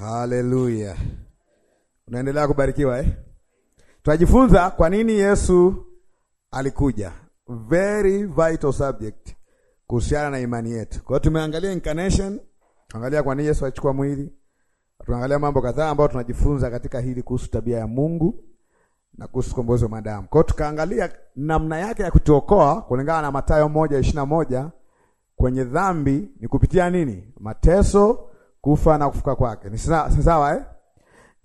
Haleluya, unaendelea kubarikiwa eh? Tutajifunza kwa nini Yesu alikuja, very vital subject kuhusiana na imani yetu. Kwa hiyo tumeangalia incarnation, tuangalia kwa nini Yesu alichukua mwili, tunaangalia mambo kadhaa ambayo tunajifunza katika hili kuhusu tabia ya Mungu na kuhusu ukombozi wa mwanadamu. Kwa hiyo tukaangalia namna yake ya kutuokoa kulingana na Mathayo moja ishirini na moja kwenye dhambi ni kupitia nini? Mateso kufa na kufuka kwake ni sawa eh?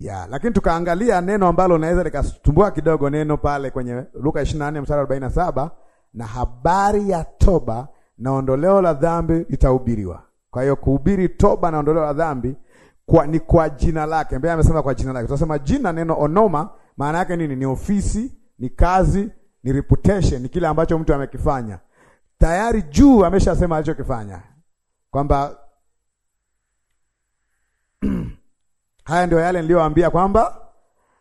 ya lakini tukaangalia neno ambalo naweza likasumbua kidogo, neno pale kwenye Luka 24 mstari 47, na habari ya toba na ondoleo la dhambi itahubiriwa. Kwa hiyo kuhubiri toba na ondoleo la dhambi kwa, ni kwa jina lake. Mbona amesema kwa jina lake, tunasema jina, neno onoma maana yake nini? Ni ofisi, ni kazi, ni reputation, ni kile ambacho mtu amekifanya tayari. Juu ameshasema alichokifanya kwamba haya ndio yale niliyoambia kwamba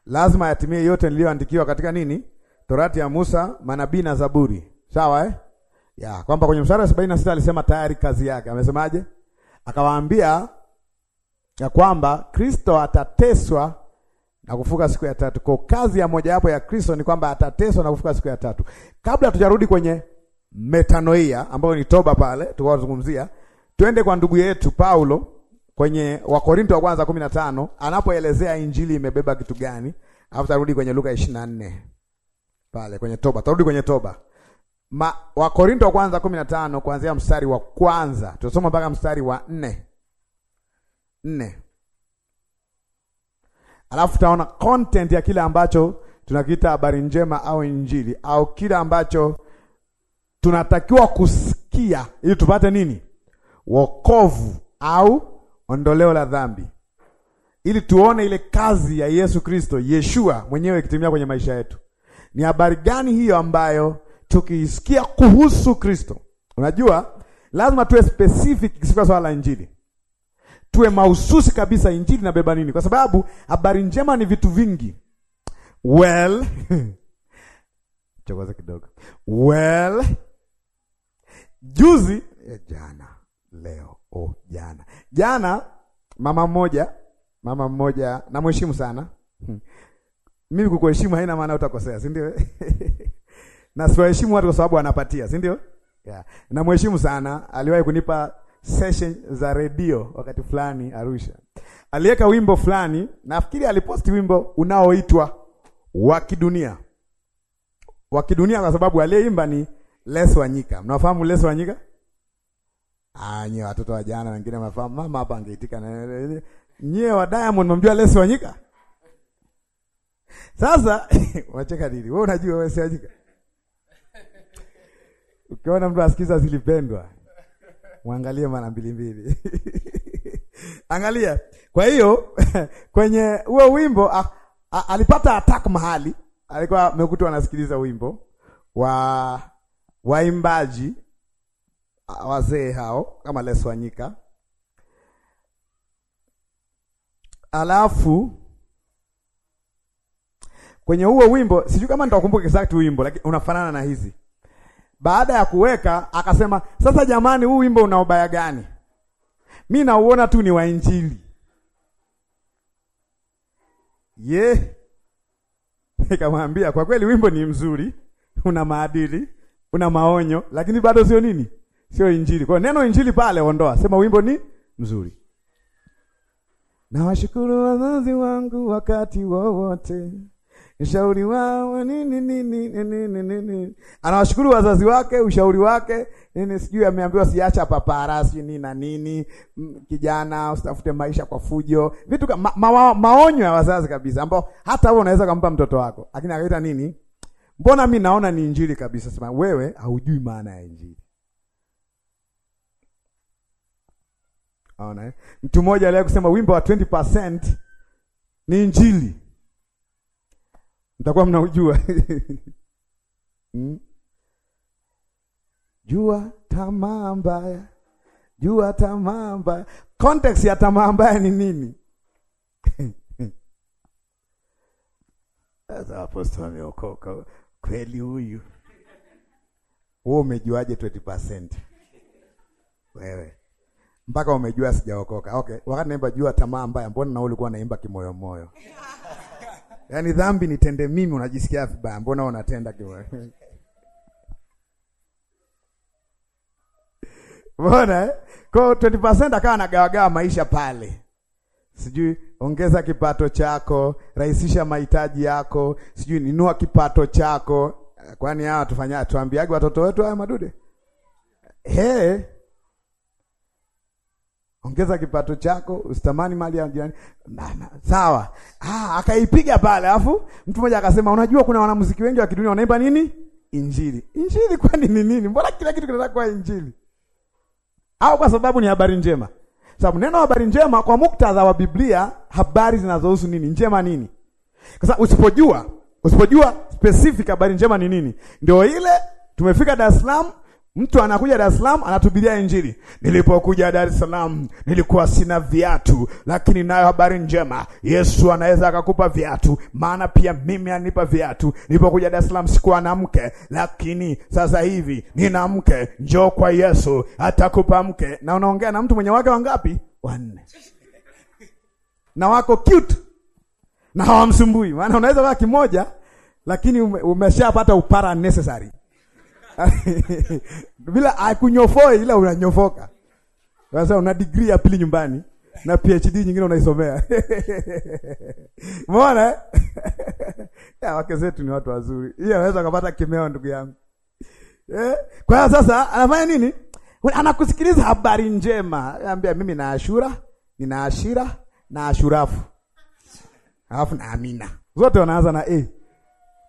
lazima yatimie yote niliyoandikiwa katika nini, Torati ya Musa, manabii na Zaburi. Sawa eh? ya kwamba kwenye mstari wa sabini na sita alisema tayari kazi yake. Amesemaje? Akawaambia ya kwamba Kristo atateswa na kufuka siku ya tatu. Kwa kazi ya mojawapo ya Kristo ni kwamba atateswa na kufuka siku ya tatu. Kabla tujarudi kwenye metanoia ambayo ni toba pale tukawazungumzia, twende kwa ndugu yetu Paulo kwenye Wakorinto wa kwanza 15 anapoelezea injili imebeba kitu gani, alafu tarudi kwenye Luka 24 pale kwenye toba, tarudi kwenye toba. Ma, Wakorinto wa kwanza 15 kuanzia mstari wa kwanza tutasoma mpaka mstari wa nne nne, alafu taona content ya kile ambacho tunakiita habari njema au injili au kile ambacho tunatakiwa kusikia ili tupate nini, wokovu au ondoleo la dhambi, ili tuone ile kazi ya Yesu Kristo, Yeshua mwenyewe ikitimia kwenye maisha yetu. Ni habari gani hiyo ambayo tukiisikia kuhusu Kristo? Unajua, lazima tuwe specific kisika swala la injili, tuwe mahususi kabisa. Injili inabeba nini? Kwa sababu habari njema ni vitu vingi. Well, chokoza kidogo. Well, juzi, eh, jana, leo, oh, jana Jana mama mmoja, mama mmoja namheshimu sana hmm. mimi kukuheshimu haina maana utakosea, si ndio? na siwaheshimu watu kwa sababu wanapatia, si ndio? Yeah. Namheshimu sana, aliwahi kunipa session za redio wakati fulani Arusha. Aliweka wimbo fulani, nafikiri aliposti wimbo unaoitwa wa kidunia. Wa kidunia kwa sababu aliyeimba ni Leso Wanyika. Mnafahamu Leso Wanyika? anye watoto wa jana wengine wamefahamu mama hapa angeitika na nyie wa Diamond mwambie Lesi Wanyika. Sasa wacheka nini? Wewe unajua wewe si Wanyika. Ukiona mtu asikiza zilipendwa, Muangalie mara mbili mbili. Angalia. Kwa hiyo kwenye huo wimbo a, a, alipata attack mahali alikuwa amekutwa anasikiliza wimbo wa waimbaji wazee hao kama leswanyika alafu kwenye huo wimbo sijui kama nitakumbuka exact wimbo, lakini unafanana na hizi. Baada ya kuweka akasema, sasa jamani, huu wimbo una ubaya gani? Mi nauona tu ni wa Injili ye yeah. Nikamwambia kwa kweli wimbo ni mzuri, una maadili, una maonyo, lakini bado sio nini sio injili. Kwa neno injili pale ondoa, sema wimbo ni mzuri. Nawashukuru wazazi wangu wakati wowote, ushauri wao nini nini nini nini. Anawashukuru wazazi wake, ushauri wake nini, sijui ameambiwa siacha paparasi nini na nini, mm, kijana usitafute maisha kwa fujo, vitu ma, ma, ma, maonyo ya wazazi kabisa, ambao hata wewe unaweza kumpa mtoto wako, lakini akaita nini, mbona mi naona ni injili kabisa. Sema wewe haujui maana ya injili. eh? mtu mmoja aliye kusema wimbo wa 20% ni injili, mtakuwa mnaujua hmm? Jua tamaa mbaya, jua tamaa mbaya. Context ya tamaa mbaya ni nini? Sasa apostoli ameokoka kweli huyu. Wewe umejuaje 20%? Wewe mpaka umejua sijaokoka. Okay, wakati naimba jua tamaa mbaya, mbona na ulikuwa naimba kimoyo moyo? Yaani dhambi nitende mimi, unajisikia vibaya, mbona unatenda kimoyo? Mbona eh? Kwa 20% akawa anagawagawa maisha pale. Sijui ongeza kipato chako, rahisisha mahitaji yako, sijui ninua kipato chako. Kwani hawa tufanyaje? tuambiage watoto wetu haya madude? He, Ongeza kipato chako, usitamani mali ya jirani. Sawa. Ah, akaipiga pale. Alafu mtu mmoja akasema, unajua kuna wanamuziki wengi wa kidunia wanaimba nini? Injili. Injili kwani ni nini? Mbona kila kitu kinataka kuwa injili? Au kwa sababu ni habari njema? Sababu neno habari njema kwa muktadha wa Biblia, habari zinazohusu nini? Njema nini? Kwa sababu usipojua, usipojua specific habari njema ni nini? Ndio ile tumefika Dar es Salaam Mtu anakuja Dar es Salaam anatubiria Injili. Nilipokuja Dar es Salaam nilikuwa sina viatu, lakini nayo habari njema, Yesu anaweza akakupa viatu, maana pia mimi anipa viatu. Nilipokuja Dar es Salaam sikuwa na mke, lakini sasa hivi nina mke. Njoo kwa Yesu atakupa mke. Na unaongea na mtu mwenye wake wangapi? Wanne, na wako cute na hawamsumbui, maana unaweza kaa kimoja, lakini umeshapata upara necessary bila akunyofoi, ila unanyofoka. Sasa una degree ya pili nyumbani na PhD nyingine unaisomea. Umeona? Eh? ya wake zetu ni watu wazuri. Yeye anaweza kupata kimeo, ndugu yangu. Eh? Kwa hiyo sasa anafanya nini? Anakusikiliza habari njema. Anambia mimi na Ashura, nina Ashira na Ashurafu. Alafu na Amina. Zote wanaanza na A.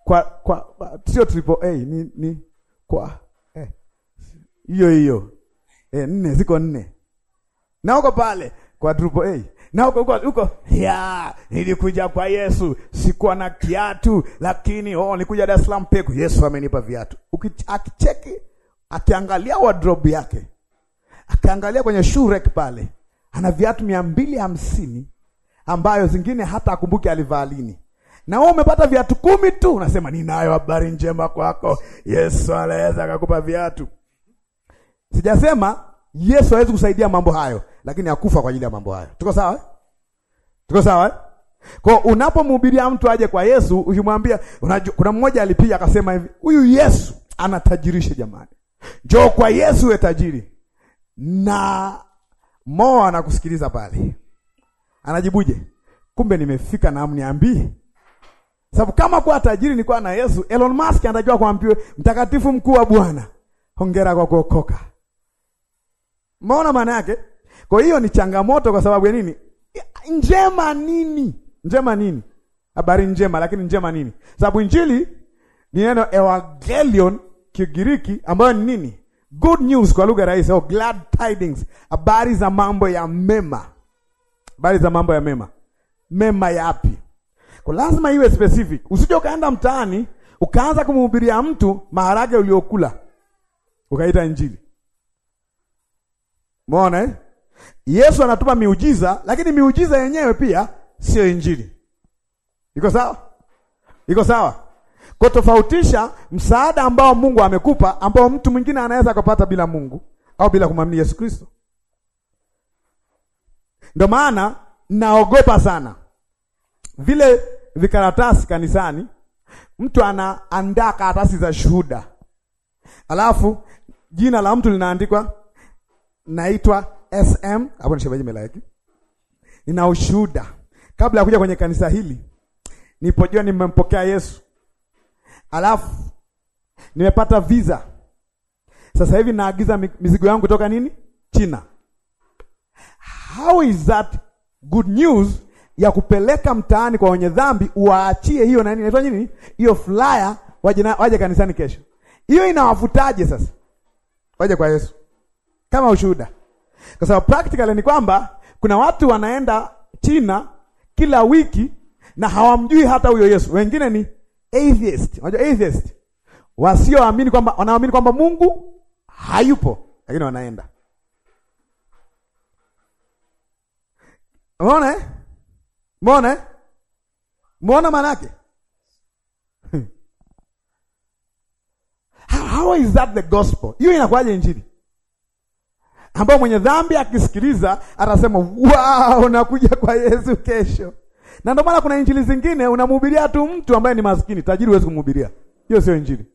Kwa kwa sio triple A ni ni kwa eh. hiyo eh, hiyo eh, nne ziko nne na uko pale kwa drupo eh, na uko uko, uko. Ya, nilikuja kwa Yesu sikuwa na kiatu, lakini oh, nilikuja Dar es Salaam peku, Yesu amenipa viatu. Akicheki akiangalia wardrobe yake akiangalia kwenye shoe rack pale, ana viatu mia mbili hamsini ambayo zingine hata akumbuki alivaa lini na wewe umepata viatu kumi tu, unasema ninayo habari njema kwako, Yesu anaweza akakupa viatu. Sijasema Yesu hawezi kusaidia mambo hayo, lakini akufa kwa ajili ya mambo hayo. Tuko sawa? Tuko sawa? Kwa unapomhubiria mtu aje kwa Yesu, ukimwambia kuna mmoja alipiga akasema hivi, huyu Yesu anatajirisha jamani. Njoo kwa Yesu we tajiri. Na Moa anakusikiliza pale. Anajibuje? Kumbe nimefika na amniambii Sababu kama kuwa tajiri ni kuwa na Yesu, Elon Musk anatakiwa kuambiwe mtakatifu mkuu wa Bwana, hongera kwa kuokoka. Maona maana yake? Kwa hiyo ni changamoto kwa sababu ya nini? Njema nini? Njema nini? Habari njema, lakini njema nini? Sababu injili ni neno evangelion Kigiriki, ambayo ni nini? Good news kwa lugha rahisi, au glad tidings, habari za mambo ya mema. Habari za mambo ya mema, mema yapi? Kwa lazima iwe specific. Usije ukaenda mtaani ukaanza kumhubiria mtu maharage uliokula ukaita injili. Umeona eh? Yesu anatuma miujiza, lakini miujiza yenyewe pia sio injili. Iko sawa? Iko sawa? Kwa tofautisha msaada ambao Mungu amekupa ambao mtu mwingine anaweza kupata bila Mungu au bila kumwamini Yesu Kristo. Ndio maana naogopa sana vile vikaratasi kanisani, mtu anaandaa karatasi za shuhuda, alafu jina la mtu linaandikwa, naitwa SM hapo, ni shemeji melaiki, nina ushuhuda kabla ya kuja kwenye kanisa hili nipojua nimempokea Yesu, alafu nimepata visa. Sasa hivi naagiza mizigo yangu kutoka nini China. How is that good news ya kupeleka mtaani kwa wenye dhambi, uwaachie hiyo nani, inaitwa nini hiyo flyer, waje waje kanisani kesho. Hiyo inawavutaje sasa waje kwa Yesu kama ushuhuda? Kwa sababu practically ni kwamba kuna watu wanaenda China kila wiki na hawamjui hata huyo Yesu. Wengine ni atheist. Unajua atheist? Wasioamini kwamba wanaamini kwamba Mungu hayupo, lakini wanaenda. Unaona eh? Mbona eh? Mbona maana yake? How is that the gospel? Hiyo inakuwaje injili? Ambao mwenye dhambi akisikiliza atasema wow, nakuja kwa Yesu kesho. Na ndio maana kuna injili zingine unamhubiria tu mtu ambaye ni maskini, tajiri huwezi kumhubiria. Hiyo sio injili.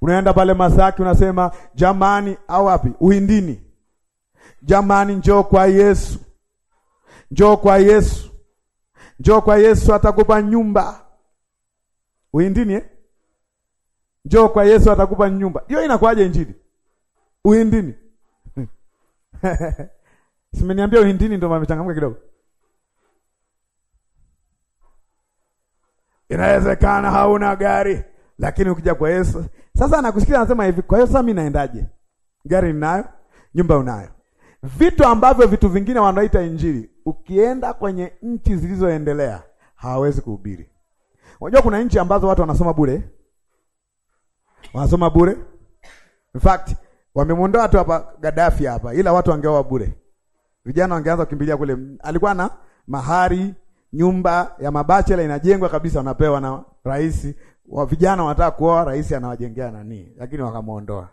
Unaenda pale Masaki unasema jamani, au wapi? Uhindini. Jamani, njoo kwa Yesu. Njoo kwa Yesu, njoo kwa Yesu atakupa nyumba uindini eh? Njoo kwa Yesu atakupa nyumba. Hiyo inakuwaje injili uindini? Simeniambia uindini, ndio mamechangamka kidogo. Inawezekana hauna gari, lakini ukija kwa Yesu sasa anakusikia anasema hivi, kwa hiyo sasa mimi naendaje? Gari ninayo, nyumba unayo, vitu ambavyo vitu vingine wanaita injili ukienda kwenye nchi zilizoendelea hawawezi kuhubiri. Unajua kuna nchi ambazo watu wanasoma bure, wanasoma bure. In fact wamemwondoa watu hapa Gaddafi hapa, ila watu wangeoa bure, vijana wangeanza kukimbilia kule. Alikuwa na mahari, nyumba ya mabachela inajengwa kabisa, wanapewa na rais wa vijana wanataka kuoa, rais anawajengea nani, lakini wakamwondoa.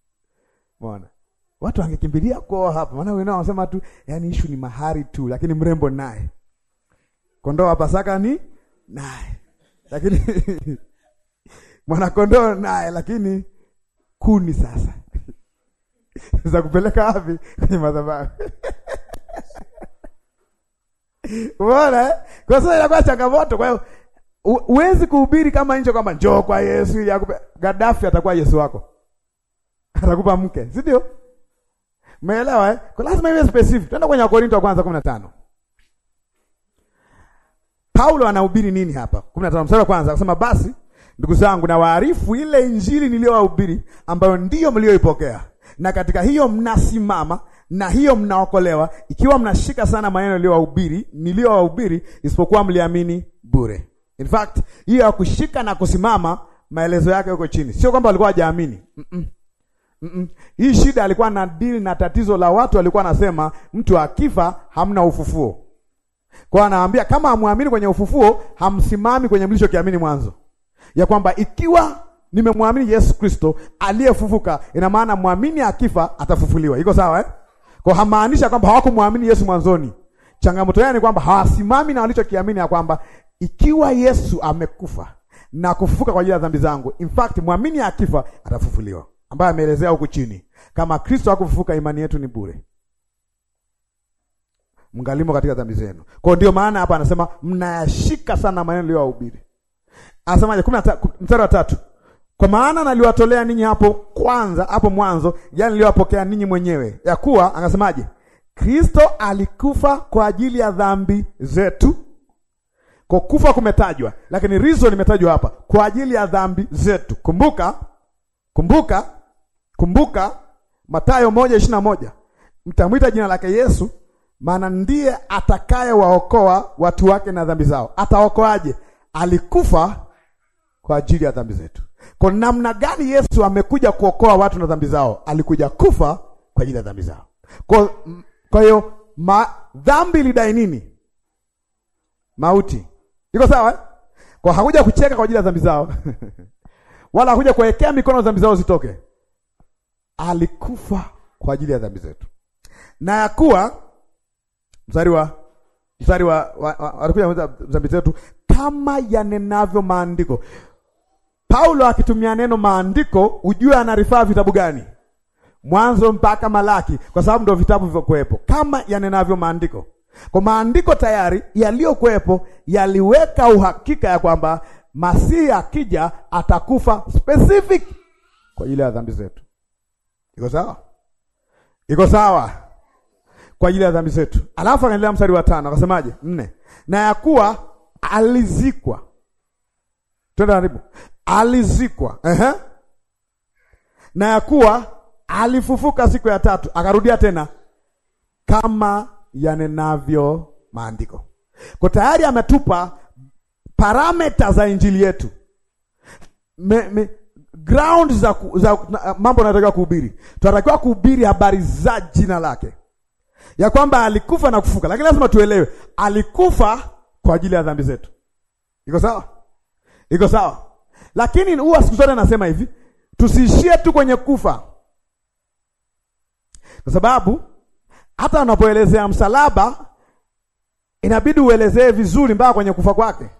Umeona? watu wangekimbilia kuoa hapa, maana wenao wanasema tu, yani issue ni mahari tu, lakini mrembo naye, kondoo wa Pasaka ni naye, lakini mwana kondoo naye, lakini kuni sasa za kupeleka wapi? Kwenye madhabahu. Umeona? Eh? Kwa sababu inakuwa changamoto. Kwa hiyo huwezi kuhubiri kama nje kwamba njoo kwa Yesu ili akupe. Gaddafi atakuwa Yesu wako, atakupa mke, si ndio? Umeelewa eh? Kwa lazima iwe specific. Twende kwenye Wakorinto wa kwanza 15. Paulo anahubiri nini hapa? 15 mstari wa kwanza akasema, basi ndugu zangu, na waarifu ile injili niliyowahubiri, ambayo ndiyo mlioipokea, na katika hiyo mnasimama, na hiyo mnaokolewa, ikiwa mnashika sana maneno niliyowahubiri niliyowahubiri, isipokuwa mliamini bure. In fact hiyo ya kushika na kusimama, maelezo yake yuko chini, sio kwamba walikuwa hawajaamini. mm -mm mm -mm. Hii shida alikuwa na deal na tatizo la watu, alikuwa anasema mtu akifa hamna ufufuo. Kwa anaambia kama hamwamini kwenye ufufuo, hamsimami kwenye kiamini mwanzo, ya kwamba ikiwa nimemwamini Yesu Kristo aliyefufuka, ina maana mwamini akifa atafufuliwa. Iko sawa eh? Kwa hamaanisha kwamba hawakumwamini Yesu mwanzoni. Changamoto yao ni kwamba hawasimami na walichokiamini, ya kwamba ikiwa Yesu amekufa na kufufuka kwa ajili ya dhambi zangu, in fact mwamini akifa atafufuliwa ambaye ameelezea huku chini, kama Kristo hakufufuka imani yetu ni bure, mngalimo katika dhambi zenu. Kwa ndio maana hapa anasema mnayashika sana maneno niliyohubiri. Anasemaje? mstari wa tatu, kwa maana naliwatolea ninyi hapo kwanza, hapo mwanzo, yani niliwapokea ninyi mwenyewe, ya kuwa anasemaje? Kristo alikufa kwa ajili ya dhambi zetu. Kwa kufa kumetajwa, lakini reason imetajwa hapa kwa ajili ya dhambi zetu. Kumbuka, kumbuka Kumbuka Mathayo moja ishirini na moja, mtamwita jina lake Yesu maana ndiye atakayewaokoa watu wake na dhambi zao. Ataokoaje? Alikufa kwa ajili ya dhambi zetu. Kwa namna gani Yesu amekuja kuokoa watu na dhambi zao? Alikuja kufa kwa ajili ya dhambi zao. Kwa kwa hiyo dhambi lidai nini? Mauti. Iko sawa? Eh? Kwa hakuja kucheka kwa ajili ya dhambi zao wala hakuja kuwekea mikono dhambi zao zitoke alikufa kwa ajili ya dhambi zetu, na ya kuwa mstari wa mstari wa alikuja dhambi zetu kama yanenavyo maandiko. Paulo akitumia neno maandiko, ujue anarifaa vitabu gani? Mwanzo mpaka Malaki, kwa sababu ndio vitabu vilivyokuwepo. Kama yanenavyo maandiko, kwa maandiko tayari yaliyokuwepo yaliweka uhakika ya kwamba Masihi akija atakufa specific kwa ajili ya dhambi zetu. Iko sawa? Iko sawa? Kwa ajili ya dhambi zetu. Alafu akaendelea mstari wa tano akasemaje? Nne. Na ya kuwa alizikwa. Twende karibu. Alizikwa. Ehe. Na ya kuwa alifufuka siku ya tatu, akarudia tena kama yanenavyo maandiko. Kwa tayari ametupa parameta za injili yetu. Me, me, ground za, ku, za na, mambo anatakiwa kuhubiri. Tunatakiwa kuhubiri habari za jina lake, ya kwamba alikufa na kufuka, lakini lazima tuelewe alikufa kwa ajili ya dhambi zetu. Iko sawa? Iko sawa, lakini huwa siku zote anasema hivi, tusiishie tu kwenye kufa, kwa sababu hata unapoelezea msalaba inabidi uelezee vizuri mpaka kwenye kufa kwake,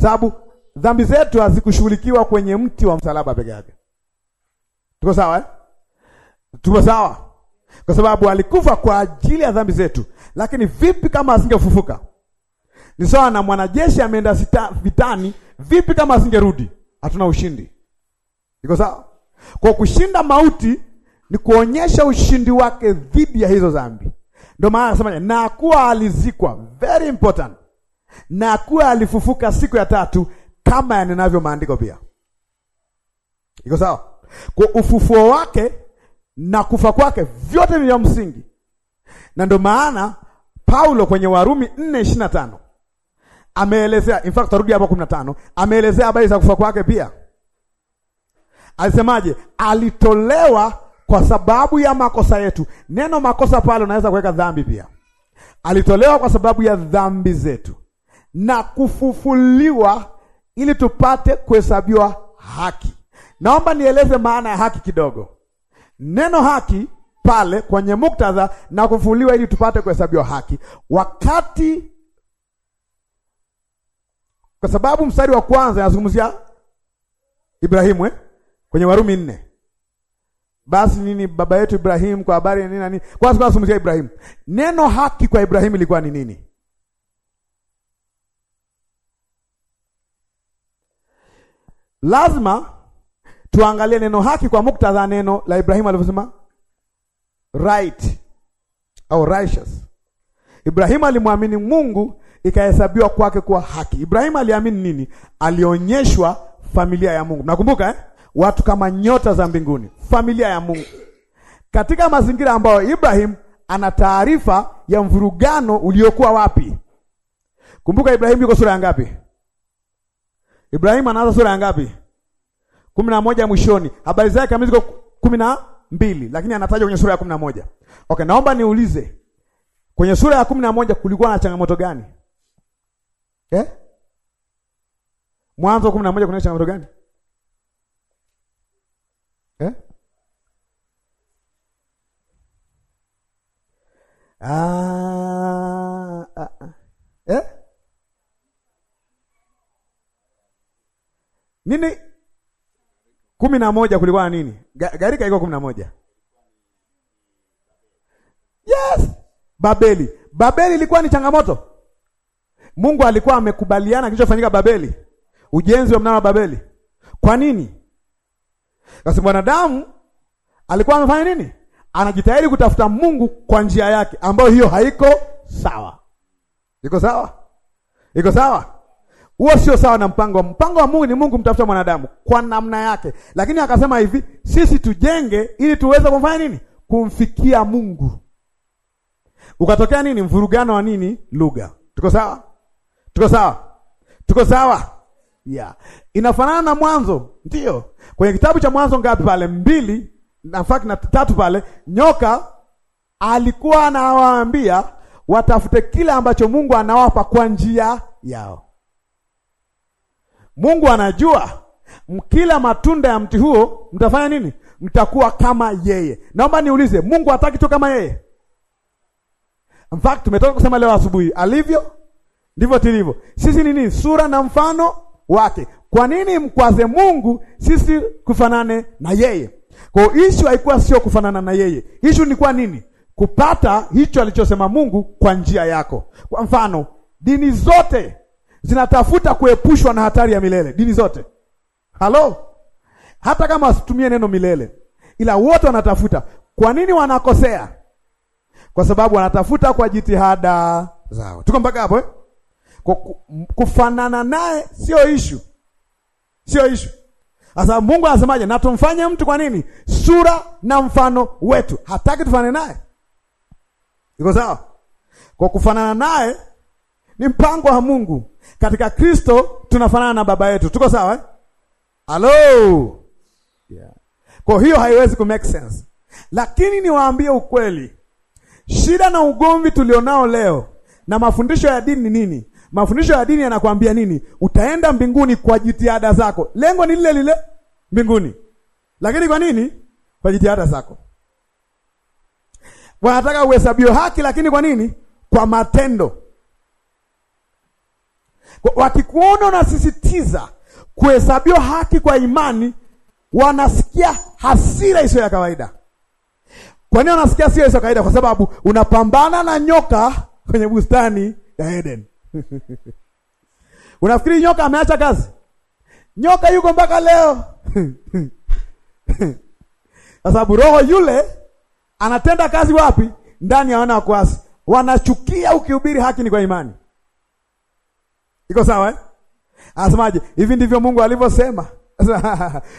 sababu dhambi zetu hazikushughulikiwa kwenye mti wa msalaba peke yake. Tuko sawa eh? Tuko sawa, kwa sababu alikufa kwa ajili ya dhambi zetu, lakini vipi kama asingefufuka? Ni sawa na mwanajeshi ameenda vitani, vipi kama asingerudi? Hatuna ushindi. Iko sawa? Kwa kushinda mauti ni kuonyesha ushindi wake dhidi ya hizo dhambi. Ndio maana anasema na kuwa alizikwa, very important, na kuwa alifufuka siku ya tatu kama yanenavyo maandiko pia. Iko sawa? Kwa ufufuo wake na kufa kwake vyote ni vya msingi, na ndio maana Paulo kwenye Warumi 4:25 ameelezea, in fact tarudi hapo 15, ameelezea habari za kufa kwake pia. Alisemaje? Alitolewa kwa sababu ya makosa yetu. Neno makosa pale unaweza kuweka dhambi pia. Alitolewa kwa sababu ya dhambi zetu na kufufuliwa ili tupate kuhesabiwa haki. Naomba nieleze maana ya haki kidogo. Neno haki pale kwenye muktadha na kufuliwa ili tupate kuhesabiwa haki, wakati kwa sababu mstari wa kwanza anazungumzia Ibrahimu eh? kwenye Warumi nne basi nini baba yetu Ibrahimu kwa habari ya nini na nini, kwanza nazungumzia Ibrahimu. Neno haki kwa Ibrahimu ilikuwa ni nini? lazima tuangalie neno haki kwa muktadha neno la Ibrahimu alivyosema right au righteous. Ibrahimu alimwamini Mungu ikahesabiwa kwake kuwa haki. Ibrahimu aliamini nini? Alionyeshwa familia ya Mungu. Nakumbuka eh? Watu kama nyota za mbinguni, familia ya Mungu, katika mazingira ambayo Ibrahim ana taarifa ya mvurugano uliokuwa wapi? Kumbuka Ibrahimu yuko sura ya ngapi? Ibrahimu anaanza sura ya ngapi? kumi na moja mwishoni, habari zake kama kumi na mbili, lakini anatajwa kwenye sura ya kumi na moja. Okay, naomba niulize kwenye sura ya kumi na moja kulikuwa na changamoto gani eh? Mwanzo wa kumi na moja kuna changamoto gani eh? Ah, ah, ah. nini kumi na moja kulikuwa na nini? Garika iko kumi na moja. Yes, Babeli. Babeli ilikuwa ni changamoto. Mungu alikuwa amekubaliana kilichofanyika Babeli, ujenzi wa mnara wa Babeli. Kwa nini? Kwa sababu mwanadamu alikuwa amefanya nini? Anajitahidi kutafuta Mungu kwa njia yake, ambayo hiyo haiko sawa. Iko sawa? Iko sawa? Huo sio sawa na mpango wa mpango wa Mungu. Ni Mungu mtafuta mwanadamu kwa namna yake, lakini akasema hivi, sisi tujenge ili tuweze kumfanya nini? Kumfikia Mungu. Ukatokea nini? Mvurugano wa nini? Lugha. Tuko sawa? Tuko sawa? Tuko sawa? Yeah. Inafanana na Mwanzo, ndio. Kwenye kitabu cha Mwanzo ngapi pale? Mbili, na fact na tatu pale, nyoka alikuwa anawaambia watafute kile ambacho Mungu anawapa kwa njia yao. Mungu anajua mkila matunda ya mti huo mtafanya nini? Mtakuwa kama yeye. Naomba niulize, Mungu hataki tu kama yeye? In fact tumetoka kusema leo asubuhi, alivyo ndivyo tulivyo sisi. Nini? Sura na mfano wake. Kwa nini mkwaze Mungu sisi kufanane na yeye? Kwa hiyo issue haikuwa sio kufanana na yeye, issue ni kwa nini kupata hicho alichosema Mungu kwa njia yako. Kwa mfano, dini zote zinatafuta kuepushwa na hatari ya milele. Dini zote halo, hata kama wasitumie neno milele, ila wote wanatafuta. Kwa nini wanakosea? Kwa sababu wanatafuta kwa jitihada zao. Tuko mpaka hapo eh? Kufanana naye sio ishu, sio ishu. Sasa Mungu anasemaje? Na tumfanye mtu kwa nini? Sura na mfano wetu. Hataki tufanane naye, iko sawa? Kwa kufanana naye ni mpango wa Mungu katika Kristo, tunafanana na baba yetu. Tuko sawa eh? Hello? Yeah. Kwa hiyo haiwezi ku make sense, lakini niwaambie ukweli, shida na ugomvi tulionao leo na mafundisho ya dini ni nini? Mafundisho ya dini yanakwambia nini? Utaenda mbinguni kwa jitihada zako. Lengo ni lile lile mbinguni, lakini kwa nini? Kwa jitihada zako. Wanataka uhesabiwe haki, lakini kwa nini? Kwa matendo. Wakikuona unasisitiza kuhesabiwa haki kwa imani, wanasikia hasira isiyo ya kawaida. Kwa nini wanasikia hasira isiyo ya kawaida? Kwa sababu unapambana na nyoka kwenye bustani ya Eden. Unafikiri nyoka ameacha kazi? Nyoka yuko mpaka leo kwa sababu roho yule anatenda kazi wapi? Ndani ya wana wakwasi. Wanachukia ukihubiri haki ni kwa imani. Iko sawa eh? Anasemaje? Hivi ndivyo Mungu alivyosema.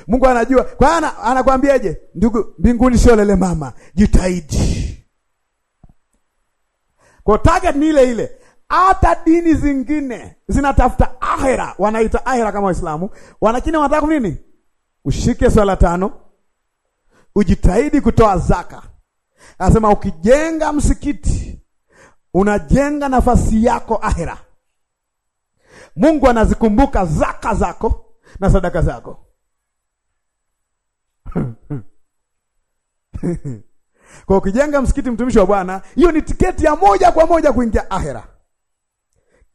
Mungu anajua. Kwa ana anakuambiaje? Ndugu, mbinguni sio lele mama, jitahidi. Kwa target ni ile ile. Hata dini zingine zinatafuta ahera, wanaita ahera kama Waislamu, wanakini wanataka nini? Ushike swala tano, ujitahidi kutoa zaka. Anasema ukijenga msikiti unajenga nafasi yako ahera. Mungu anazikumbuka zaka zako na sadaka zako. Kwa ukijenga msikiti, mtumishi wa Bwana, hiyo ni tiketi ya moja kwa moja kuingia ahera.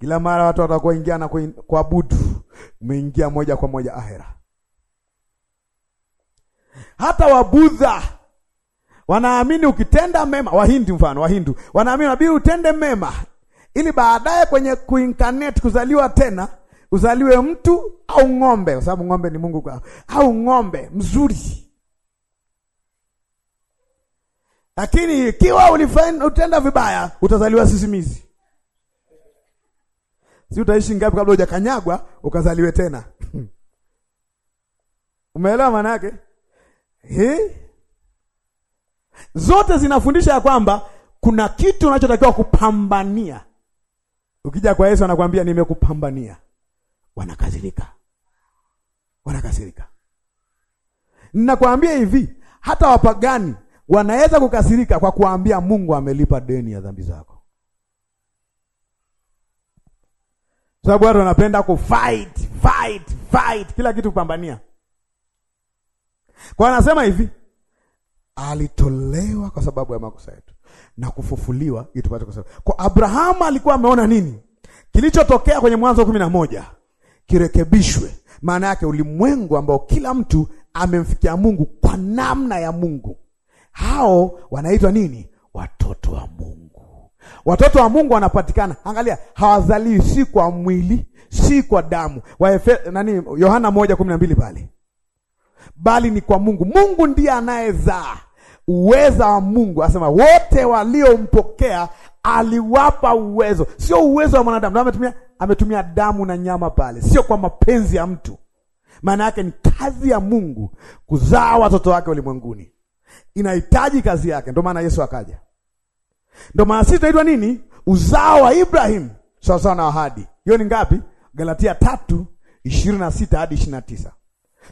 Kila mara watu ingia na kuabudu, umeingia moja kwa moja ahera. Hata Wabudha wanaamini ukitenda mema, Wahindu mfano, Wahindu wanaamini nabidi utende mema ili baadaye kwenye kuincarnate, kuzaliwa tena, uzaliwe mtu au ng'ombe, kwa sababu ng'ombe ni Mungu kwa, au ng'ombe mzuri. Lakini ikiwa ulifanya utenda vibaya, utazaliwa sisimizi. Si utaishi ngapi kabla hujakanyagwa ukazaliwe tena? Umeelewa maana yake? Zote zinafundisha ya kwamba kuna kitu unachotakiwa kupambania. Ukija kwa Yesu anakwambia nimekupambania, wanakasirika, wanakasirika. Ninakwambia hivi, hata wapagani wanaweza kukasirika kwa kuambia Mungu amelipa deni ya dhambi zako, sababu watu wanapenda kufight, fight, fight kila kitu kupambania. Kwa anasema hivi, alitolewa kwa sababu ya makosa yetu na kufufuliwa itupate kusema. Kwa Abrahamu alikuwa ameona nini? Kilichotokea kwenye Mwanzo kumi na moja kirekebishwe. Maana yake ulimwengu ambao kila mtu amemfikia Mungu kwa namna ya Mungu, hao wanaitwa nini? Watoto wa Mungu. Watoto wa Mungu wanapatikana, angalia, hawazaliwi si kwa mwili, si kwa damu. Waefe, nani Yohana moja kumi na mbili pale, bali ni kwa Mungu. Mungu ndiye anayezaa uweza wa Mungu, asema wote waliompokea aliwapa uwezo. Sio uwezo wa mwanadamu, ametumia ametumia damu na nyama pale, sio kwa mapenzi ya mtu. Maana yake ni kazi ya Mungu kuzaa watoto wake ulimwenguni, inahitaji kazi yake. Ndio maana Yesu akaja, ndio maana sisi tunaitwa nini? Uzao wa Ibrahimu sawasawa na ahadi. Hiyo ni ngapi? Galatia tatu ishirini na sita hadi ishirini na tisa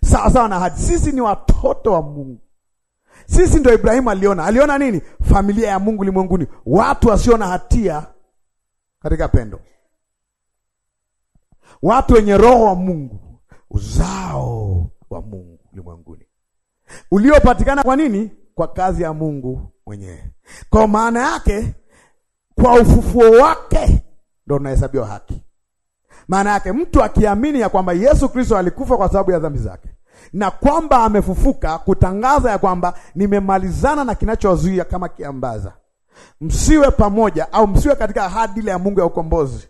sawasawa na ahadi. Sisi ni watoto wa Mungu. Sisi ndio Ibrahimu aliona. Aliona nini? Familia ya Mungu limwenguni, watu wasio na hatia katika pendo, watu wenye roho wa Mungu, uzao wa Mungu limwenguni, uliopatikana kwa nini? Kwa kazi ya Mungu mwenyewe. Kwa maana yake, kwa ufufuo wake ndio unahesabiwa haki. Maana yake mtu akiamini ya kwamba Yesu Kristo alikufa kwa sababu ya dhambi zake na kwamba amefufuka, kutangaza ya kwamba nimemalizana na kinachowazuia kama kiambaza, msiwe pamoja au msiwe katika ahadi ile ya Mungu ya ukombozi.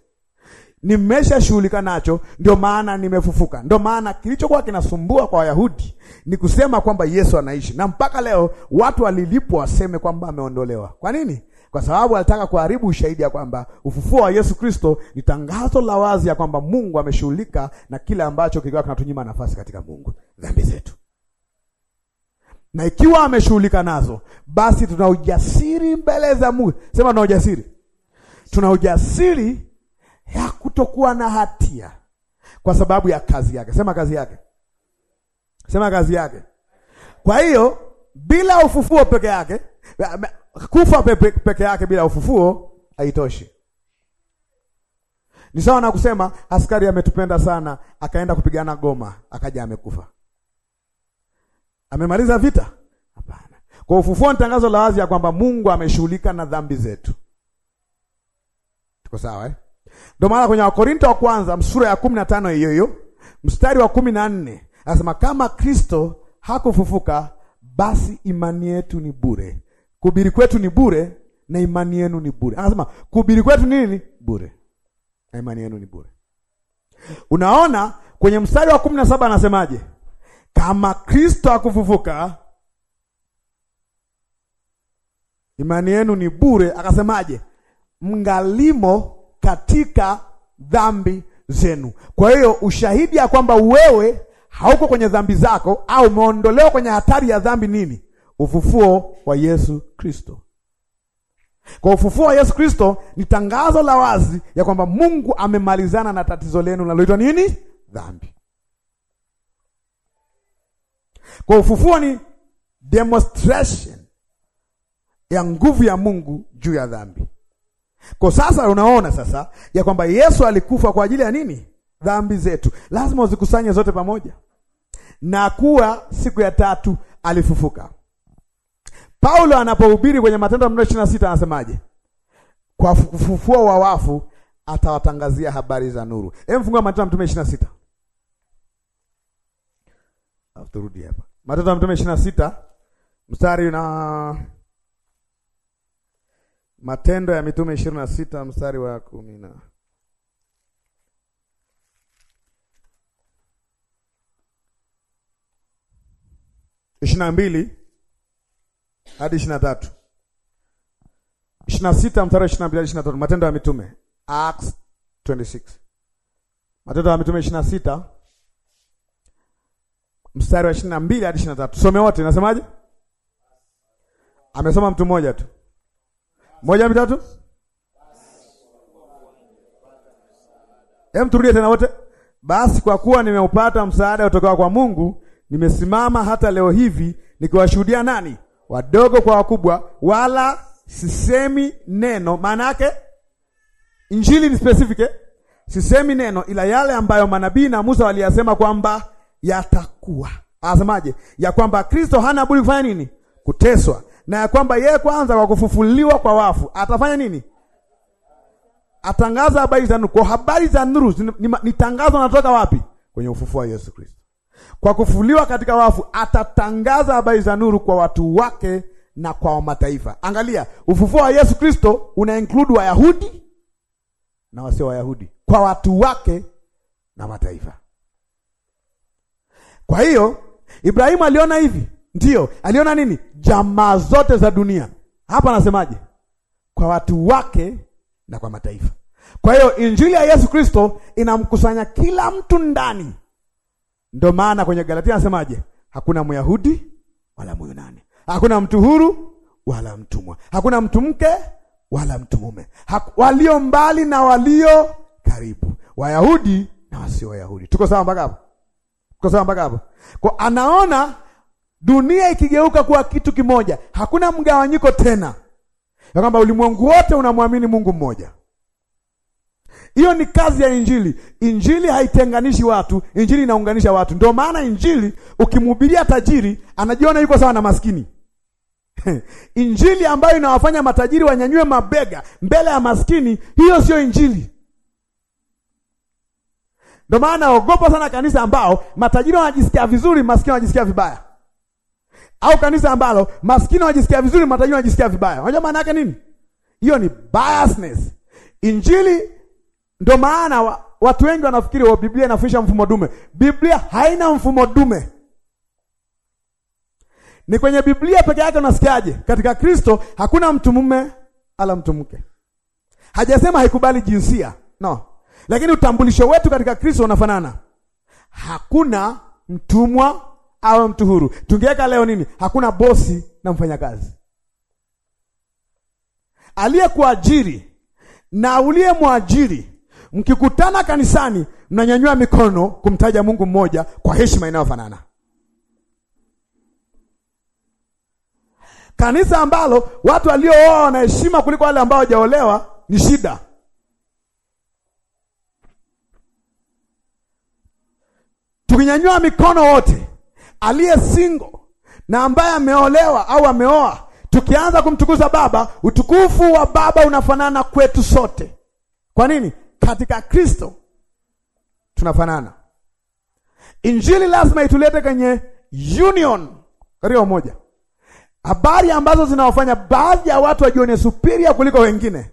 Nimeshashughulika nacho, ndio maana nimefufuka. Ndio maana kilichokuwa kinasumbua kwa Wayahudi ni kusema kwamba Yesu anaishi, na mpaka leo watu walilipwa waseme kwamba ameondolewa. Kwa nini? kwa sababu alitaka kuharibu ushahidi ya kwamba ufufuo wa Yesu Kristo ni tangazo la wazi ya kwamba Mungu ameshughulika na kile ambacho kilikuwa kinatunyima nafasi katika Mungu, dhambi zetu. Na ikiwa ameshughulika nazo, basi tuna ujasiri mbele za Mungu. Sema tuna ujasiri, tuna ujasiri ya kutokuwa na hatia kwa sababu ya kazi yake. Sema kazi yake, sema kazi yake. Kwa hiyo bila ufufuo peke yake kufa pepe, peke yake bila ufufuo haitoshi. Ni sawa na kusema askari ametupenda sana, akaenda kupigana Goma, akaja amekufa. Amemaliza vita? Hapana. Kwa ufufuo ni tangazo la wazi ya kwamba Mungu ameshughulika na dhambi zetu. Tuko sawa eh? Ndio maana kwenye Wakorinto wa kwanza msura ya kumi na tano hiyo hiyo mstari wa kumi na nne anasema kama Kristo hakufufuka basi imani yetu ni bure, kubiri kwetu ni bure na imani yenu ni bure. Anasema kubiri kwetu nini? Bure na imani yenu ni bure. Unaona kwenye mstari wa kumi na saba anasemaje? Kama Kristo akufufuka, imani yenu ni bure. Akasemaje? mngalimo katika dhambi zenu. Kwa hiyo ushahidi ya kwamba wewe hauko kwenye dhambi zako au umeondolewa kwenye hatari ya dhambi nini? ufufuo wa Yesu Kristo. Kwa ufufuo wa Yesu Kristo ni tangazo la wazi ya kwamba Mungu amemalizana na tatizo lenu linaloitwa nini? Dhambi. Kwa ufufuo ni demonstration ya nguvu ya Mungu juu ya dhambi. Kwa sasa unaona sasa ya kwamba Yesu alikufa kwa ajili ya nini? Dhambi zetu. Lazima uzikusanye zote pamoja. Na kuwa siku ya tatu alifufuka. Paulo anapohubiri kwenye Matendo ya Mitume 26 anasemaje? Kwa kufufua wa wafu atawatangazia habari za nuru. Hebu fungua Matendo ya Mitume 26. Turudi hapa. Matendo ya Mitume 26 mstari na Matendo ya Mitume 26 mstari wa 10 na ishirini na mbili hadi ishirini na tatu ishirini na sita mstari wa ishirini na mbili hadi ishirini na tatu Matendo ya Mitume Acts 26. Matendo ya Mitume ishirini na sita mstari wa ishirini na mbili hadi ishirini na tatu Some wote, nasemaje? Amesoma mtu mmoja tu, moja mitatu. Hem, turudie tena wote. Basi kwa kuwa nimeupata msaada utokao kwa Mungu, nimesimama hata leo hivi nikiwashuhudia nani? wadogo kwa wakubwa, wala sisemi neno. Maana yake injili ni specific, eh? sisemi neno ila yale ambayo manabii na Musa waliyasema kwamba yatakuwa. Asemaje? ya kwamba Kristo hana budi kufanya nini? Kuteswa, na ya kwamba yeye kwanza kwa kufufuliwa kwa wafu atafanya nini? Atangaza habari za nuru. Kwa habari za nuru ni, ni, ni tangazo natoka wapi? Kwenye ufufuo wa Yesu Kristo. Kwa kufufuliwa katika wafu atatangaza habari za nuru kwa watu wake na kwa mataifa. Angalia, ufufuo wa Yesu Kristo una include Wayahudi na wasio Wayahudi, kwa watu wake na mataifa. Kwa hiyo Ibrahimu aliona hivi, ndiyo aliona nini? Jamaa zote za dunia. Hapa anasemaje? Kwa watu wake na kwa mataifa. Kwa hiyo injili ya Yesu Kristo inamkusanya kila mtu ndani ndio maana kwenye Galatia anasemaje? Hakuna Myahudi wala Myunani, hakuna mtu huru wala mtumwa, hakuna mtu mke wala mtu mume, walio mbali na walio karibu, Wayahudi na wasio Wayahudi. Tuko sawa mpaka hapo? Tuko sawa mpaka hapo? Kwa anaona dunia ikigeuka kuwa kitu kimoja, hakuna mgawanyiko tena, ya kwamba ulimwengu wote unamwamini Mungu mmoja. Hiyo ni kazi ya Injili. Injili haitenganishi watu, Injili inaunganisha watu. Ndio maana Injili ukimhubiria tajiri anajiona yuko sawa na maskini Injili ambayo inawafanya matajiri wanyanyue mabega mbele ya maskini, hiyo sio Injili. Ndio maana ogopa sana kanisa ambao matajiri wanajisikia vizuri, maskini wanajisikia vibaya, au kanisa ambalo maskini wanajisikia vizuri, matajiri wanajisikia vibaya. Unajua maana yake nini? Hiyo ni biasness. Injili ndio maana wa, watu wengi wanafikiri wa Biblia inafundisha mfumo dume. Biblia haina mfumo dume. Ni kwenye Biblia peke yake unasikiaje? Katika Kristo hakuna mtu mume ala mtu mke. Hajasema haikubali jinsia. No. Lakini utambulisho wetu katika Kristo unafanana. Hakuna mtumwa awe mtu huru. Tungeweka leo nini? Hakuna bosi na mfanyakazi. Aliyekuajiri na uliyemwajiri Mkikutana kanisani, mnanyanyua mikono kumtaja Mungu mmoja kwa heshima inayofanana. Kanisa ambalo watu waliooa wanaheshima heshima kuliko wale ambao hawajaolewa ni shida. Tukinyanyua mikono wote, aliye single na ambaye ameolewa au ameoa, tukianza kumtukuza Baba, utukufu wa Baba unafanana kwetu sote. Kwa nini? katika Kristo tunafanana. Injili lazima itulete kwenye union, katika umoja, habari ambazo zinawafanya baadhi ya watu wajione superior kuliko wengine.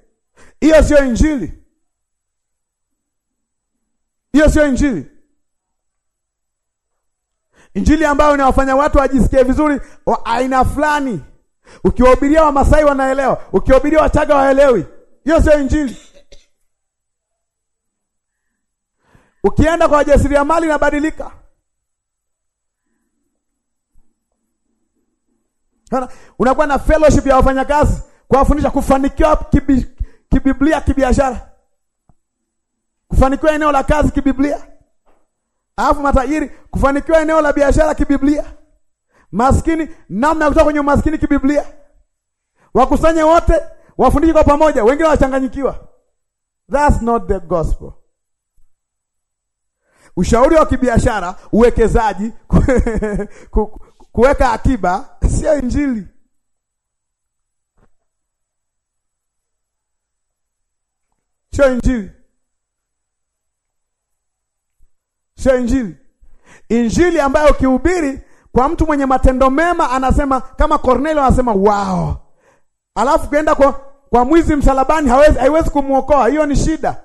Hiyo sio injili, hiyo sio injili. Injili ambayo inawafanya watu wajisikie vizuri wa aina fulani. Ukiwahubiria Wamasai wanaelewa, ukiwahubiria Wachaga waelewi. Hiyo sio injili. Ukienda kwa wajasiriamali inabadilika. Unakuwa na fellowship ya wafanyakazi kuwafundisha kufanikiwa kibi, kibiblia kibiashara, kufanikiwa eneo la kazi kibiblia, alafu matajiri kufanikiwa eneo la biashara kibiblia, maskini namna ya kutoka kwenye umaskini kibiblia, wakusanye wote wafundishe kwa pamoja, wengine wachanganyikiwa. That's not the gospel ushauri wa kibiashara, uwekezaji, kuweka akiba, sio Injili. Sio Injili, sio Injili. Injili ambayo ukihubiri kwa mtu mwenye matendo mema, anasema kama Kornelio anasema wao, alafu kenda kwa, kwa mwizi msalabani haiwezi kumwokoa, hiyo ni shida.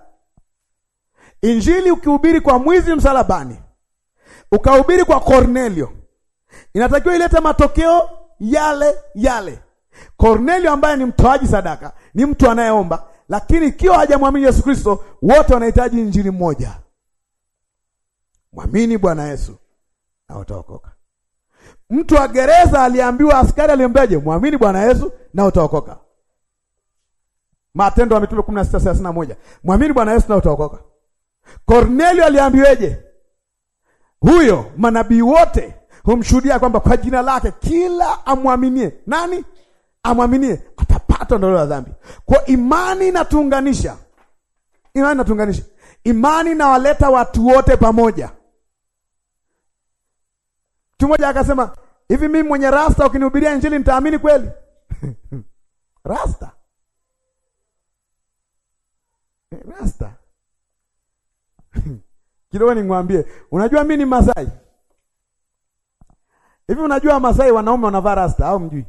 Injili ukihubiri kwa mwizi msalabani, ukahubiri kwa Kornelio, inatakiwa ilete matokeo yale yale. Kornelio ambaye ni mtoaji sadaka, ni mtu anayeomba, lakini ikiwa hajamwamini Yesu Kristo, wote wanahitaji injili moja, mwamini Bwana Yesu na utaokoka. Mtu wa gereza aliambiwa, askari aliambiwaje? Mwamini Bwana Yesu na utaokoka. Matendo ya Mitume 16:31 mwamini Bwana Yesu na utaokoka. Kornelio aliambiweje? Huyo manabii wote humshuhudia kwamba kwa jina lake kila amwaminie nani? Amwaminie atapata ondoleo la dhambi. Kwa imani inatuunganisha, imani inatuunganisha, imani inawaleta watu wote pamoja. Mtu mmoja akasema hivi, mimi mwenye rasta ukinihubiria injili nitaamini kweli? rasta rasta kidogo nimwambie, unajua mimi ni Masai. Hivi unajua Masai wanaume wanavaa rasta au mjui?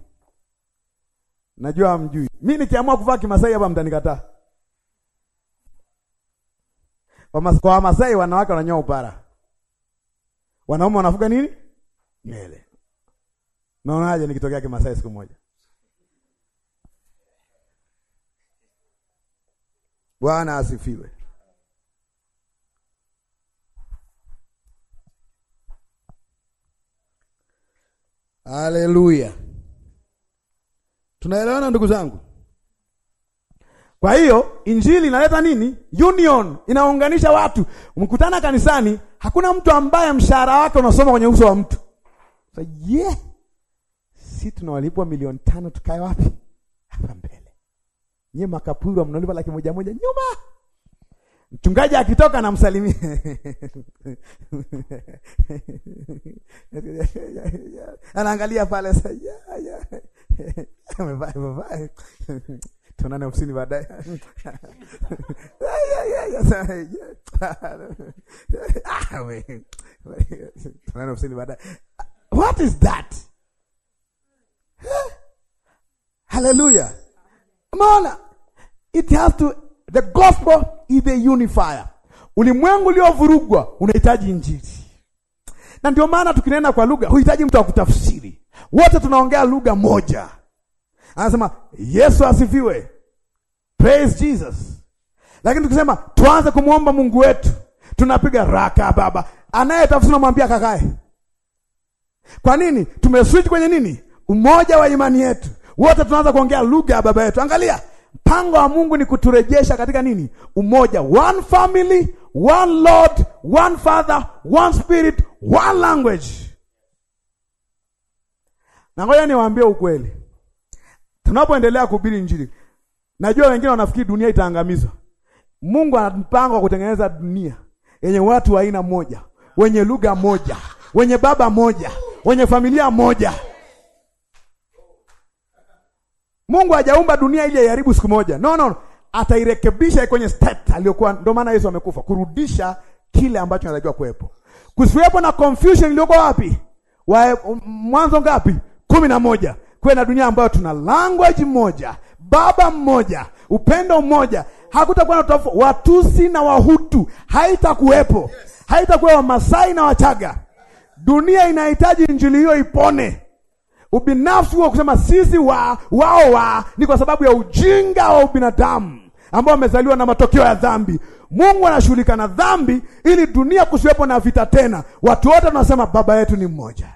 Najua mjui Mimi nikiamua kuvaa kimasai hapa mtanikataa. Kwa Wamasai wanawake wananyoa upara, wanaume wanafuga nini nywele. Naonaje nikitokea kimasai siku moja? Bwana asifiwe. Haleluya, tunaelewana ndugu zangu. Kwa hiyo injili inaleta nini? Union, inaunganisha watu. Mkutana kanisani, hakuna mtu ambaye mshahara wake unasoma kwenye uso wa mtu. So, yeah. Si tunawalipwa milioni tano, tukae wapi? Hapa mbele. Nyie makapuru mnalipa laki moja moja nyuma Mchungaji akitoka namsalimia anaangalia pale sasa, tunane ofisini baadaye. tunane ofisini baadaye. What is that? Hallelujah. Mona, it has to The gospel is the unifier. Ulimwengu uliovurugwa unahitaji injili, na ndio maana tukinena kwa lugha huhitaji mtu akutafsiri, wote tunaongea lugha moja. Anasema Yesu asifiwe, praise Jesus. Lakini tukisema tuanze kumwomba Mungu wetu, tunapiga raka baba, anayetafsiri namwambia kakae. Kwa nini tumeswitch kwenye nini? Umoja wa imani yetu, wote tunaanza kuongea lugha ya baba yetu. Angalia Mpango wa Mungu ni kuturejesha katika nini? Umoja, one family, one Lord, one Father, one Spirit, one language. Na ngoja niwaambie ukweli, tunapoendelea kuhubiri Injili, najua wengine wanafikiri dunia itaangamizwa. Mungu ana mpango wa kutengeneza dunia yenye watu wa aina moja, wenye lugha moja, wenye baba moja, wenye familia moja Mungu hajaumba dunia ili aiharibu siku moja. No, no, no. Atairekebisha kwenye state aliyokuwa. Ndio maana Yesu amekufa kurudisha kile ambacho anatakiwa kuwepo. Kusiwepo na confusion iliyoko wapi? Wa Mwanzo ngapi? kumi na moja. Kuwe na dunia ambayo tuna language moja, baba mmoja, upendo mmoja. Hakutakuwa na tofauti. Watusi na Wahutu haitakuwepo. Haitakuwa Wamasai na Wachaga. Dunia inahitaji injili hiyo ipone. Ubinafsi huo kusema sisi wa wao wa ni kwa sababu ya ujinga wa ubinadamu ambao wamezaliwa na matokeo ya dhambi. Mungu anashughulika na dhambi ili dunia kusiwepo na vita tena, watu wote wanasema baba yetu ni mmoja.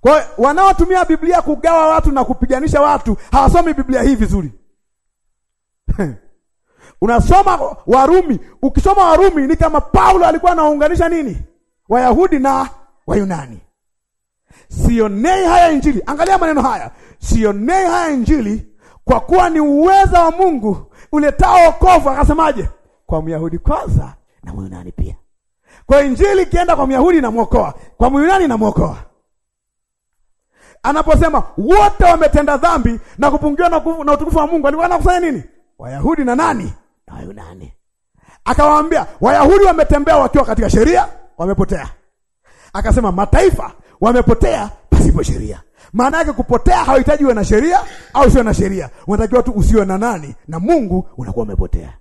Kwa wanaotumia Biblia kugawa watu na kupiganisha watu hawasomi Biblia hii vizuri. Unasoma Warumi, ukisoma Warumi ni kama Paulo alikuwa anaunganisha nini, Wayahudi na Wayunani. Sionei haya Injili, angalia maneno haya, sionei haya Injili kwa kuwa ni uweza wa Mungu uletao wokovu. Akasemaje? Kwa Myahudi kwanza na Myunani pia. Kwa Injili ikienda kwa Myahudi inamwokoa, kwa Myunani inamwokoa. Anaposema wote wametenda dhambi na kupungiwa na na utukufu wa Mungu, alikuwa anakusanya nini? Wayahudi na nani? Na Wayunani. Akawaambia Wayahudi wametembea wakiwa katika sheria, wamepotea akasema mataifa wamepotea pasipo sheria. Maana yake kupotea hauhitaji uwe na sheria au usiwe na sheria, unatakiwa tu usiwe na nani na Mungu, unakuwa umepotea.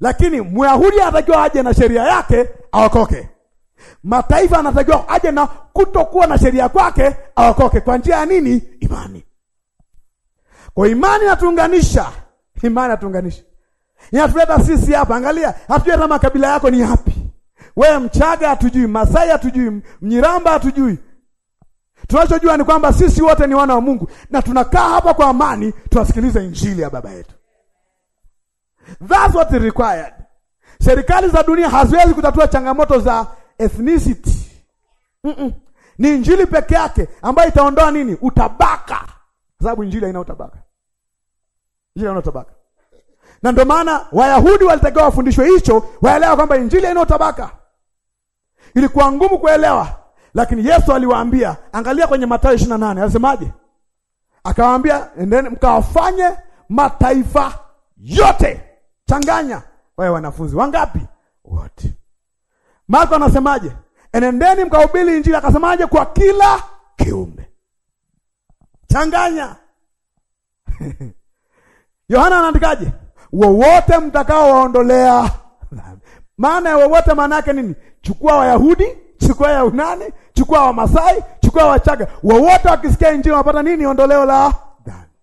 Lakini Myahudi anatakiwa aje na sheria yake aokoke. Mataifa anatakiwa aje na kutokuwa na sheria kwake aokoke. Kwa njia ya nini? Imani. Kwa imani natuunganisha, imani natuunganisha, inatuleta sisi hapa. Angalia, hatujui hata makabila yako ni yapi we Mchaga hatujui, Masai hatujui, Mnyiramba hatujui. Tunachojua ni kwamba sisi wote ni wana wa Mungu na tunakaa hapa kwa amani, tuwasikilize injili ya baba yetu. That's what is required. Serikali za dunia haziwezi kutatua changamoto za ethnicity. Mm -mm. Ni injili peke yake ambayo itaondoa nini? Utabaka. Sababu injili haina utabaka. Injili haina utabaka. Na ndio maana Wayahudi walitakiwa wafundishwe hicho, waelewa kwamba injili haina utabaka. Ilikuwa ngumu kuelewa, lakini Yesu aliwaambia, angalia kwenye Mathayo 28, anasemaje? Akawaambia, endeni mkawafanye mataifa yote. Changanya wale wanafunzi wangapi? Wote. Marko anasemaje? Enendeni mkahubiri Injili, akasemaje? Kwa kila kiumbe. Changanya. Yohana anaandikaje? Wowote mtakao waondolea maana ya wowote maana yake nini? Chukua Wayahudi, chukua ya unani, chukua Wamasai, chukua Wachaga, wowote wakisikia injili wanapata nini? Ondoleo la dhambi.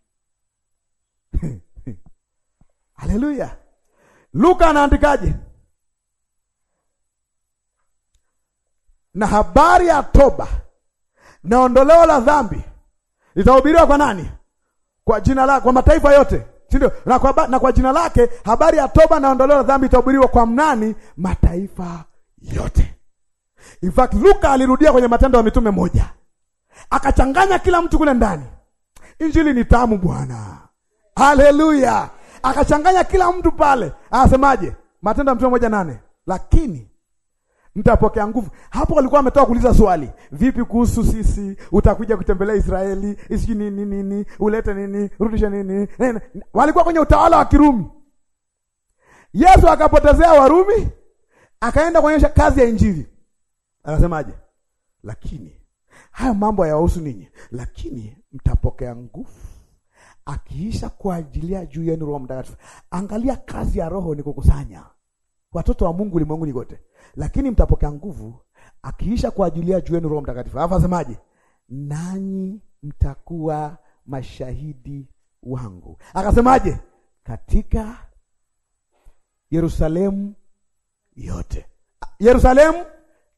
Haleluya! Luka anaandikaje? Na habari ya toba na ondoleo la dhambi litahubiriwa kwa nani? Kwa jina la, kwa mataifa yote si ndio? Na kwa, na kwa jina lake habari ya toba na ondoleo la dhambi itahubiriwa kwa mnani mataifa yote. In fact Luka alirudia kwenye Matendo ya Mitume moja, akachanganya kila mtu kule ndani. Injili ni tamu bwana, haleluya! Akachanganya kila mtu pale, anasemaje? Matendo ya Mitume moja nane, lakini mtapokea nguvu. Hapo alikuwa ametoka kuuliza swali, vipi kuhusu sisi, utakuja kutembelea Israeli, isiji nini nini, ulete nini, rudishe nini, nini. Walikuwa kwenye utawala wa Kirumi. Yesu akapotezea Warumi, akaenda kuonyesha kazi ya Injili. Anasemaje? Lakini haya mambo hayawahusu ninyi, lakini mtapokea nguvu akiisha kuajilia juu yenu Roho Mtakatifu. Angalia, kazi ya Roho ni kukusanya watoto wa Mungu ulimwenguni kote, lakini mtapokea nguvu akiisha kuajilia juu yenu Roho Mtakatifu. Alafu asemaje? Nanyi mtakuwa mashahidi wangu. Akasemaje? Katika Yerusalemu yote, Yerusalemu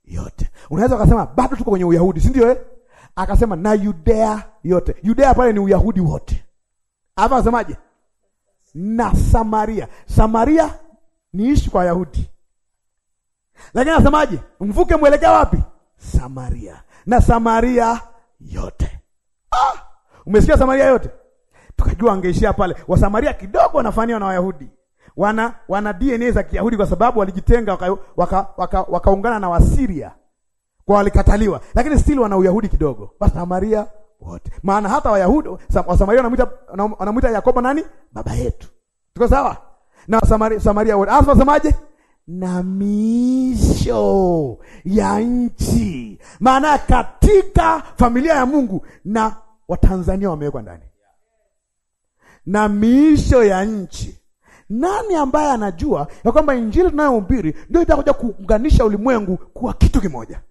yote. Unaweza ukasema bado tuko kwenye Uyahudi, si ndio eh? Akasema na Yudea yote. Yudea pale ni Uyahudi wote. Alafu asemaje? Na Samaria. Samaria niishi kwa Wayahudi, lakini anasemaje? Mvuke mwelekea wapi? Samaria na Samaria yote. Ah, umesikia Samaria yote? Tukajua angeishia pale. Wasamaria kidogo wanafanywa na Wayahudi, wana wana DNA za Kiyahudi kwa sababu walijitenga wakaungana waka, waka, waka na Wasiria kwa walikataliwa, lakini still wana Uyahudi kidogo. Samaria wote, maana hata Wayahudi Wasamaria wanamuita wanamuita Yakobo nani? Baba yetu. Tuko sawa? na Samaria, Samaria wote asemaje? na miisho ya nchi, maana katika familia ya Mungu na Watanzania wamewekwa ndani na miisho ya nchi. Nani ambaye anajua ya kwamba injili tunayohubiri ndio itakuja kuunganisha ulimwengu kuwa kitu kimoja?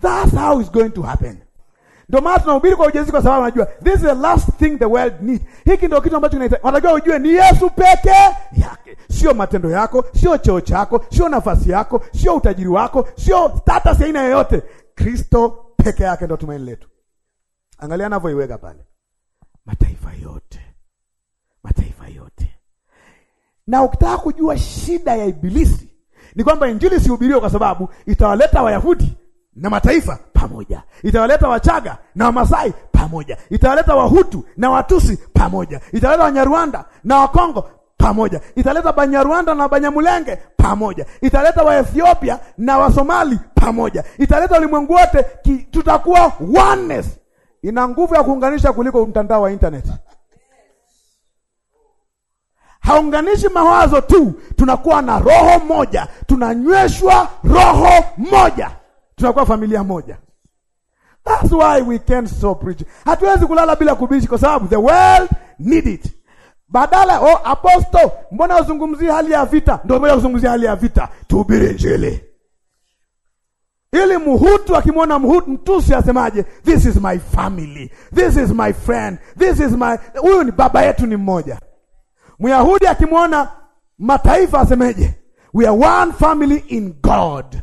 That's how it's going to happen. Ndio maana tunahubiri kwa ujenzi, kwa sababu anajua this is the last thing the world need. Hiki ndio kitu ambacho kinahitaji, wanatakiwa ujue ni Yesu peke yake, sio matendo yako, sio cheo chako, sio nafasi yako, sio utajiri wako, sio status ya aina yoyote. Kristo peke yake ndio tumaini letu. Angalia anavyoiweka pale, mataifa yote, mataifa yote. Na ukitaka kujua shida ya Ibilisi ni kwamba injili sihubiriwe kwa sababu itawaleta Wayahudi na mataifa pamoja, itawaleta Wachaga na Wamasai pamoja, itawaleta Wahutu na Watusi pamoja, itawaleta Wanyarwanda na Wakongo pamoja, italeta Banyarwanda na Banyamulenge pamoja, italeta Waethiopia na Wasomali pamoja, italeta ulimwengu wote, tutakuwa oneness. Ina nguvu ya kuunganisha kuliko mtandao wa internet. Haunganishi mawazo tu, tunakuwa na roho moja, tunanyweshwa roho moja tunakuwa familia moja. That's why we can't stop preaching. Hatuwezi kulala bila kubishi kwa sababu the world need it. Badala oh, apostle, mbona uzungumzie hali ya vita? Ndio mbona uzungumzie hali ya vita, tuhubiri Injili ili muhutu akimwona muhutu Mtusi asemaje? This is my family, this is my friend, this is my, huyu ni baba yetu, ni mmoja. Myahudi akimwona mataifa asemeje? We are one family in God.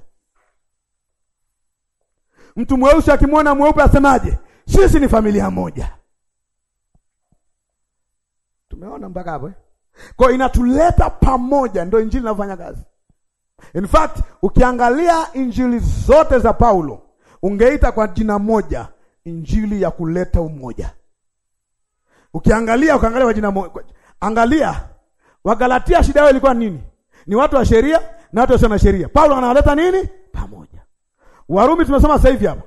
Mtu mweusi akimwona mweupe asemaje? Sisi ni familia moja. Tumeona mpaka hapo eh? Kwa inatuleta pamoja, ndio injili inafanya kazi. In fact, ukiangalia injili zote za Paulo ungeita kwa jina moja, injili ya kuleta umoja. Ukiangalia ukaangalia kwa jina moja, angalia Wagalatia, shida yao ilikuwa nini? Ni watu wa sheria na watu wasio na sheria. Paulo anawaleta nini pamoja Warumi tumesoma sasa hivi hapa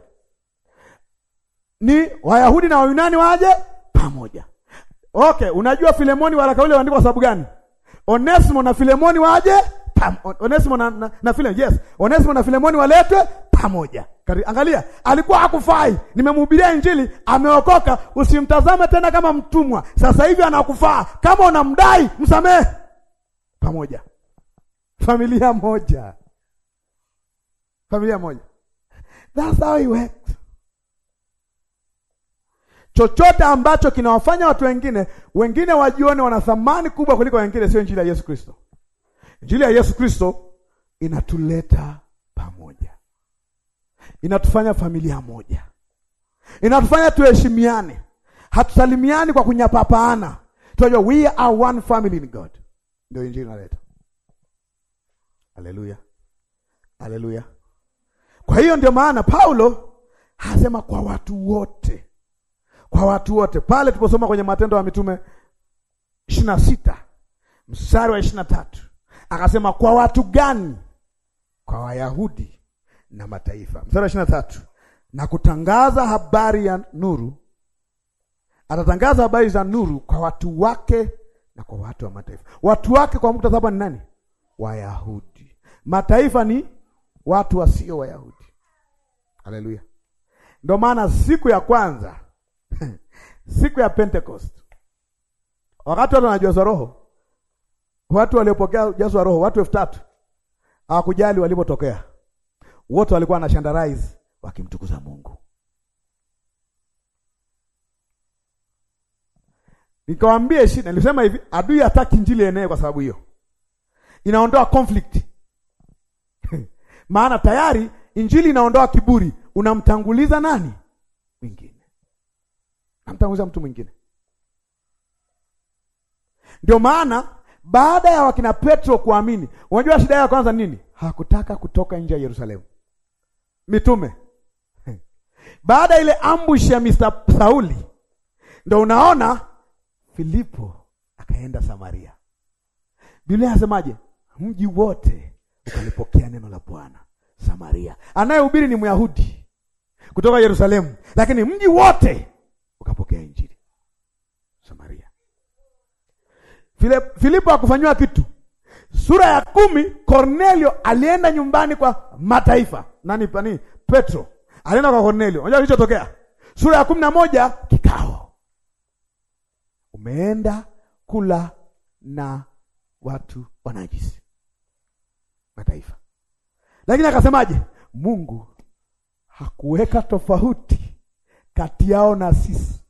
ni Wayahudi na Wayunani waje pamoja. Okay, unajua Filemoni waraka ule waandikwa sababu gani? Onesimo na Filemoni waje pamoja. Onesimo na, na, na Filemoni, yes. Onesimo na Filemoni waletwe pamoja. Angalia, alikuwa hakufai. Nimemhubiria Injili, ameokoka. Usimtazame tena kama mtumwa. Sasa hivi anakufaa. Kama unamdai, msamehe. Pamoja. Familia moja. Familia moja. That's how he works. Chochote ambacho kinawafanya watu wengine wengine wajione wana thamani kubwa kuliko wengine, sio injili ya Yesu Kristo. Injili ya Yesu Kristo inatuleta pamoja, inatufanya familia moja, inatufanya tuheshimiane. Hatusalimiani kwa kunyapapaana, tunajua we are one family in God. Ndio injili inaleta. Haleluya, haleluya. Kwa hiyo ndio maana Paulo hasema kwa watu wote, kwa watu wote. Pale tuliposoma kwenye Matendo ya Mitume ishirini na sita mstari wa ishirini na tatu akasema kwa watu gani? Kwa Wayahudi na mataifa. Mstari wa ishirini na tatu na kutangaza habari ya nuru, atatangaza habari za nuru kwa watu wake na kwa watu wa mataifa. Watu wake kwa muktadha hapa ni nani? Wayahudi. Mataifa ni watu wasio Wayahudi. Haleluya! Ndio maana siku ya kwanza siku ya Pentecost, wakati watu wanajazwa Roho, watu waliopokea jazwa Roho watu elfu tatu hawakujali walipotokea, wote walikuwa na shandarize wakimtukuza Mungu. Nikawaambia shida, nilisema hivi, adui hataki injili enee, kwa sababu hiyo inaondoa conflict maana tayari injili inaondoa kiburi, unamtanguliza nani mwingine? Namtanguliza mtu mwingine. Ndio maana baada ya wakina Petro kuamini, unajua shida ya kwanza nini? Hakutaka kutoka nje ya Yerusalemu mitume. Baada ile ambush ya Mr. Sauli, ndio unaona Filipo akaenda Samaria. Biblia inasemaje? Mji wote ukalipokea neno la Bwana. Samaria, anayehubiri ni Myahudi kutoka Yerusalemu, lakini mji wote ukapokea injili. Samaria. Filipo akufanyiwa kitu. Sura ya kumi, Kornelio alienda nyumbani kwa mataifa. Nani? Nani? Petro alienda kwa Kornelio. Unajua kilichotokea? Sura ya kumi na moja, kikao. Umeenda kula na watu wanajisi mataifa. Lakini akasemaje? Mungu hakuweka tofauti kati yao na sisi,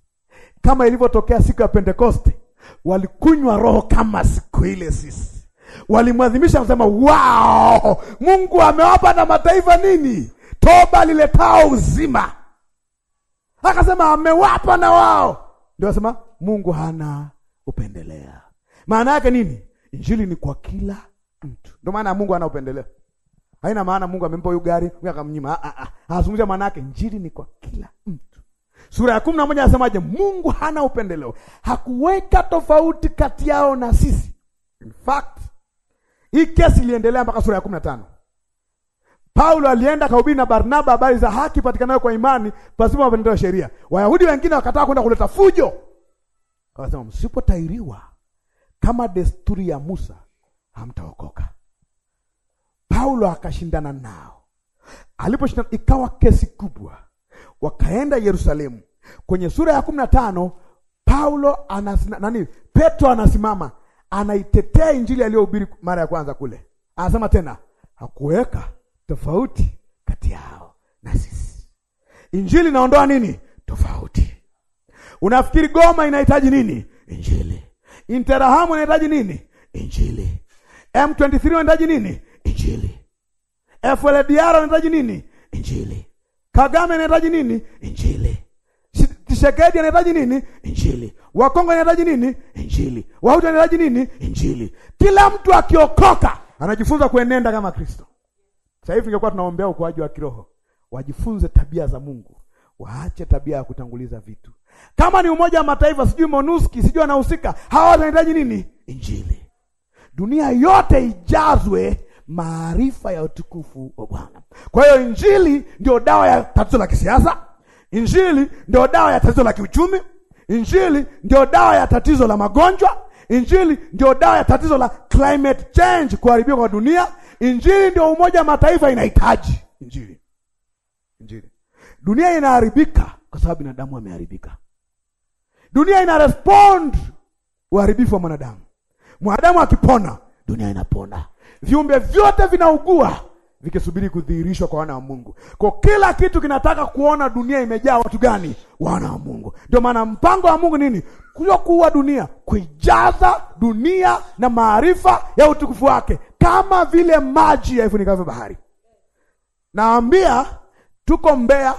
kama ilivyotokea siku ya Pentekoste. Walikunywa roho kama siku ile sisi, walimwadhimisha kusema, wow, Mungu amewapa na mataifa nini, toba liletao uzima. Akasema amewapa na wao, ndio asema Mungu hana upendelea. Maana yake nini? Injili ni kwa kila mtu. Ndio maana Mungu ana upendeleo. Haina maana Mungu amempa huyu gari, huyu akamnyima. Ah, ah ah. Anazungumzia maana yake injili ni kwa kila mtu. Sura ya 11 anasemaje? Mungu hana upendeleo. Hakuweka tofauti kati yao na sisi. In fact, hii kesi iliendelea mpaka sura ya 15. Paulo alienda kahubiri na Barnaba habari za haki patikanayo kwa imani pasipo mapendeleo ya sheria. Wayahudi wengine wakataka kwenda kuleta fujo. Akasema msipotairiwa kama desturi ya Musa hamtaokoka. Paulo akashindana nao, aliposhindana ikawa kesi kubwa, wakaenda Yerusalemu. Kwenye sura ya kumi na tano Paulo anas, nani Petro anasimama anaitetea injili aliyohubiri mara ya kwanza kule, anasema tena, hakuweka tofauti kati yao na sisi. Injili inaondoa nini? Tofauti. Unafikiri Goma inahitaji nini? Injili. Interahamu inahitaji nini? Injili. M23 wanahitaji nini? Injili. FLDR wanahitaji nini? Injili. Kagame anahitaji nini? Injili. Tshisekedi anahitaji nini? Injili. Wakongo anahitaji nini? Injili. Wahutu anahitaji nini? Injili. Kila mtu akiokoka anajifunza kuenenda kama Kristo. Sasa hivi ningekuwa tunaombea ukuaji wa kiroho, wajifunze tabia za Mungu, waache tabia ya kutanguliza vitu. Kama ni Umoja wa Mataifa, sijui Monuski, sijui anahusika, hawa wanahitaji nini? Injili dunia yote ijazwe maarifa ya utukufu wa Bwana. Kwa hiyo injili ndio dawa ya tatizo la kisiasa, injili ndio dawa ya tatizo la kiuchumi, injili ndio dawa ya tatizo la magonjwa, injili ndio dawa ya tatizo la climate change, kuharibiwa kwa dunia. Injili ndio Umoja wa Mataifa inahitaji injili. Injili, dunia inaharibika kwa sababu binadamu ameharibika. Dunia ina respond uharibifu wa mwanadamu. Mwanadamu akipona, dunia inapona, viumbe vyote vinaugua vikisubiri kudhihirishwa kwa wana wa Mungu. Kwa kila kitu kinataka kuona dunia imejaa watu gani? Wana wa Mungu. Ndio maana mpango wa Mungu nini? Kuja kuua dunia, kuijaza dunia na maarifa ya utukufu wake, kama vile maji yaifunikavyo bahari. Naambia tuko Mbeya,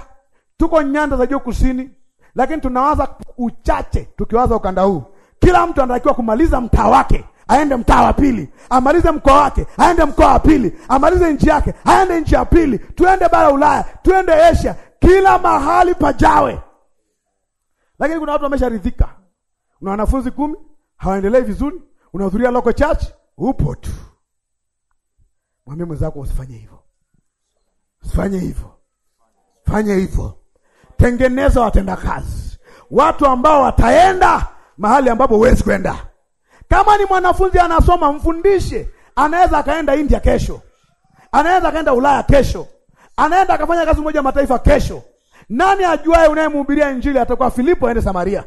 tuko nyanda za juu kusini, lakini tunawaza uchache. Tukiwaza ukanda huu, kila mtu anatakiwa kumaliza mtaa wake aende mtaa wa pili, amalize mkoa wake, aende mkoa wa pili, amalize nchi yake, aende nchi ya pili, tuende bara Ulaya, tuende Asia, kila mahali pajawe. Lakini kuna watu wamesharidhika, una wanafunzi kumi, hawaendelei vizuri, unahudhuria local church, upo tu. Mwambie mwenzako usifanye hivyo, usifanye hivyo, fanye hivyo. Tengeneza kazi, watu ambao wataenda mahali ambapo huwezi kwenda. Kama ni mwanafunzi anasoma, mfundishe. Anaweza akaenda India kesho, anaweza akaenda Ulaya kesho, anaenda akafanya kazi moja mataifa kesho. Nani ajuae? Unayemhubiria Injili atakuwa Filipo aende Samaria.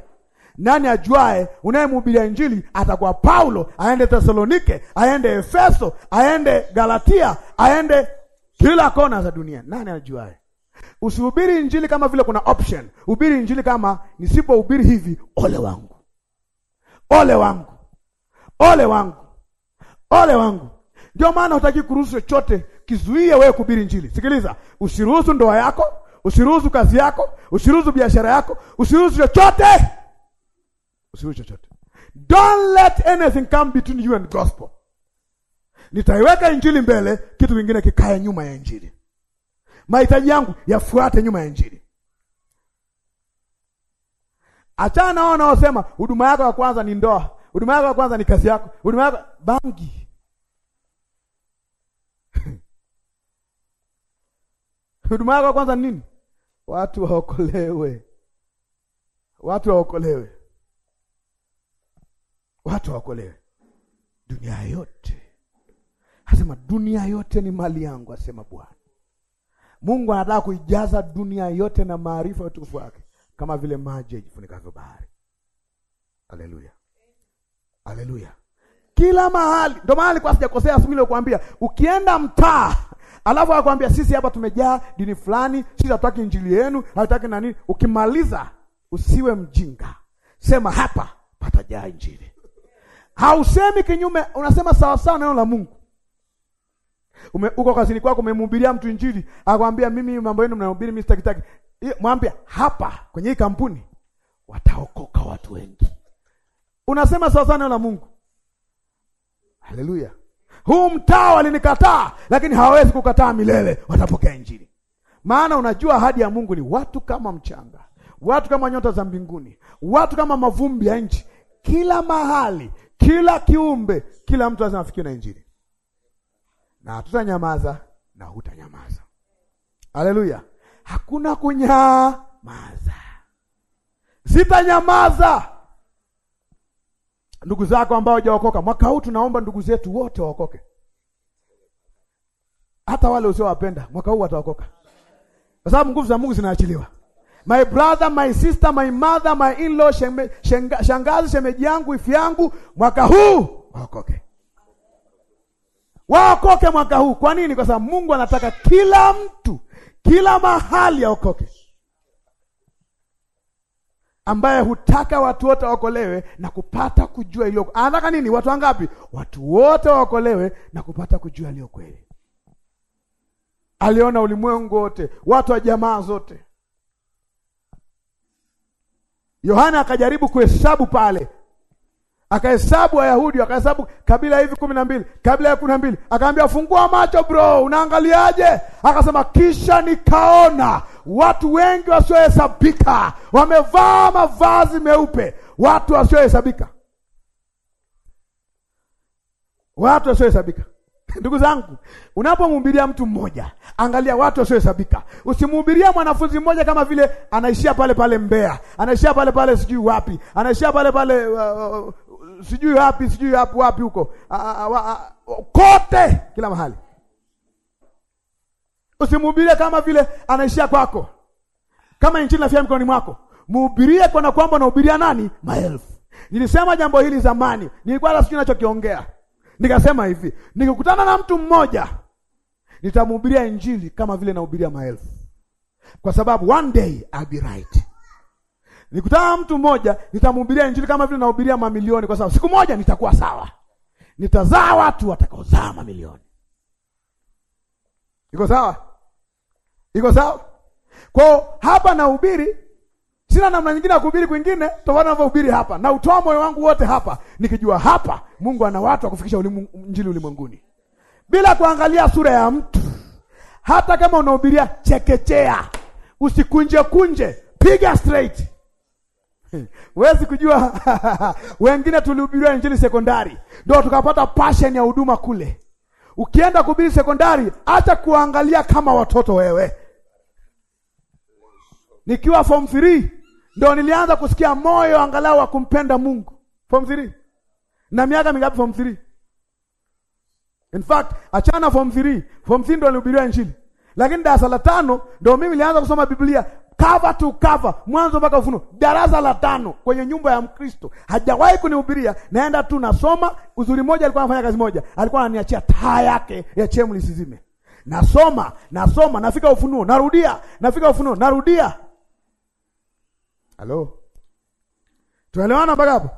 Nani ajuae? Unayemhubiria Injili atakuwa Paulo aende Thesalonike, aende Efeso, aende Galatia, aende kila kona za dunia. Nani ajuae? Usihubiri Injili kama vile kuna option. Hubiri Injili kama nisipohubiri hivi, ole wangu, ole wangu ole wangu, ole wangu. Ndio maana hutaki kuruhusu chochote kizuie wewe kuhubiri Injili. Sikiliza, usiruhusu ndoa yako, usiruhusu kazi yako, usiruhusu biashara yako, usiruhusu chochote, usiruhusu chochote. Don't let anything come between you and gospel. Nitaiweka injili mbele, kitu kingine kikae nyuma ya injili. Mahitaji yangu yafuate nyuma ya injili. Achana nao wanaosema huduma yako ya kwanza ni ndoa. Huduma yako ya kwanza ni kazi yako. Huduma yako bangi. Huduma yako ya kwanza ni nini? Watu waokolewe. Watu waokolewe. Watu waokolewe. Dunia yote. Asema dunia yote ni mali yangu, asema Bwana. Mungu anataka kuijaza dunia yote na maarifa ya utukufu wake kama vile maji yajifunikavyo bahari. Haleluya. Haleluya, kila mahali. Ndio maana alikuwa sijakosea asubuhi kuambia, ukienda mtaa alafu akwambia sisi hapa tumejaa dini fulani, sisi hatutaki injili yenu, hatutaki na Ukimaliza usiwe mjinga, sema hapa patajaa injili. Hausemi kinyume, unasema sawasawa na neno la Mungu. Ume, uko kazini kwako umemhubiria mtu injili, akwambia mimi mambo yenu mnahubiri mimi sitaki taki. Mwambie hapa kwenye hii kampuni wataokoka watu wengi unasema sawa sana la Mungu. Haleluya! huu mtaa walinikataa, lakini hawawezi kukataa milele, watapokea Injili. Maana unajua ahadi ya Mungu ni watu kama mchanga, watu kama nyota za mbinguni, watu kama mavumbi ya nchi, kila mahali, kila kiumbe, kila mtu lazima afikiwe na Injili, na hatutanyamaza na hutanyamaza. Haleluya! hakuna kunyamaza, sitanyamaza ndugu zako ambao hawajaokoka mwaka huu, tunaomba ndugu zetu wote waokoke, hata wale usiowapenda mwaka huu wataokoka, kwa sababu nguvu za Mungu zinaachiliwa. My brother, my sister, my mother, my in-law, sheme, shenga, shangazi, shemeji yangu, ifi yangu, mwaka huu waokoke, waokoke mwaka huu. Kwa nini? Kwa sababu Mungu anataka kila mtu, kila mahali aokoke ambaye hutaka watu wote waokolewe na kupata kujua iliyo. Anataka nini? Watu wangapi? Watu wote waokolewe na kupata kujua iliyo kweli. Aliona ulimwengu wote, watu wa jamaa zote. Yohana akajaribu kuhesabu pale, akahesabu Wayahudi, akahesabu kabila hivi kumi na mbili, kabila ya kumi na mbili. Akaambia, fungua macho bro, unaangaliaje? Akasema, kisha nikaona watu wengi wasiohesabika wamevaa mavazi meupe, watu wasiohesabika, watu wasiohesabika. Ndugu zangu, unapomhubiria mtu mmoja, angalia watu wasiohesabika. Usimhubiria mwanafunzi mmoja kama vile anaishia pale pale Mbeya, anaishia pale pale sijui wapi, anaishia pale pale uh, uh sijui wapi, sijui wapi wapi huko, uh, uh, uh, kote, kila mahali Usimhubirie kama vile anaishia kwako, kama injili nafia mikononi mwako. Mhubirie kana kwamba unahubiria nani? Maelfu. Nilisema jambo hili zamani, nilikuwa hata sijui ninachokiongea. Nikasema hivi, nikikutana na mtu mmoja nitamhubiria injili kama vile nahubiria maelfu, kwa sababu one day I'll be right. Nikutana na mtu mmoja nitamhubiria injili kama vile nahubiria mamilioni, kwa sababu siku moja nitakuwa sawa, nitazaa watu watakaozaa mamilioni. Iko sawa? Iko sawa? Kwa hapa nahubiri, sina namna nyingine ya kuhubiri kwingine tofauti na kuhubiri hapa, na utoa moyo wangu wote hapa, nikijua hapa Mungu ana watu wa kufikisha ulimu, Injili ulimwenguni, bila kuangalia sura ya mtu. Hata kama unahubiria chekechea, usikunje kunje, piga straight. Huwezi kujua wengine tulihubiria injili sekondari, ndio tukapata passion ya huduma kule. Ukienda kuhubiri sekondari, acha kuangalia kama watoto wewe nikiwa form 3 ndo nilianza kusikia moyo angalau wa kumpenda Mungu. Form 3. Na miaka mingapi form 3? In fact, achana form 3. Form 3 ndo nilihubiriwa Injili. Lakini darasa la tano ndo mimi nilianza kusoma Biblia cover to cover, mwanzo mpaka Ufunuo. Darasa la tano kwenye nyumba ya Mkristo. Hajawahi kunihubiria, naenda tu nasoma. Uzuri moja alikuwa anafanya kazi moja. Alikuwa ananiachia taa yake ya chemli sizime. Nasoma, nasoma, nafika Ufunuo, narudia, nafika Ufunuo, narudia. Hello? Tuelewana mpaka hapo?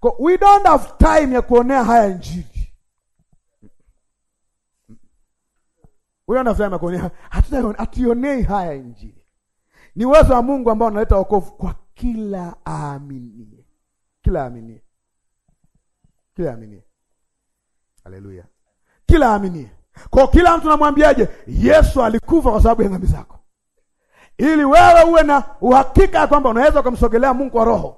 Kwa we don't have time ya kuonea haya njiri. we don't have time ya kuonea, hatuionei haya njiri. Ni uwezo wa Mungu ambao unaleta wokovu kwa kila aaminie, kila aaminie, kila aaminie. Haleluya, kila aaminie. Kwa kila mtu namwambiaje? Yesu alikufa kwa sababu ya dhambi zako ili wewe uwe na uhakika ya kwamba unaweza ukamsogelea Mungu wa roho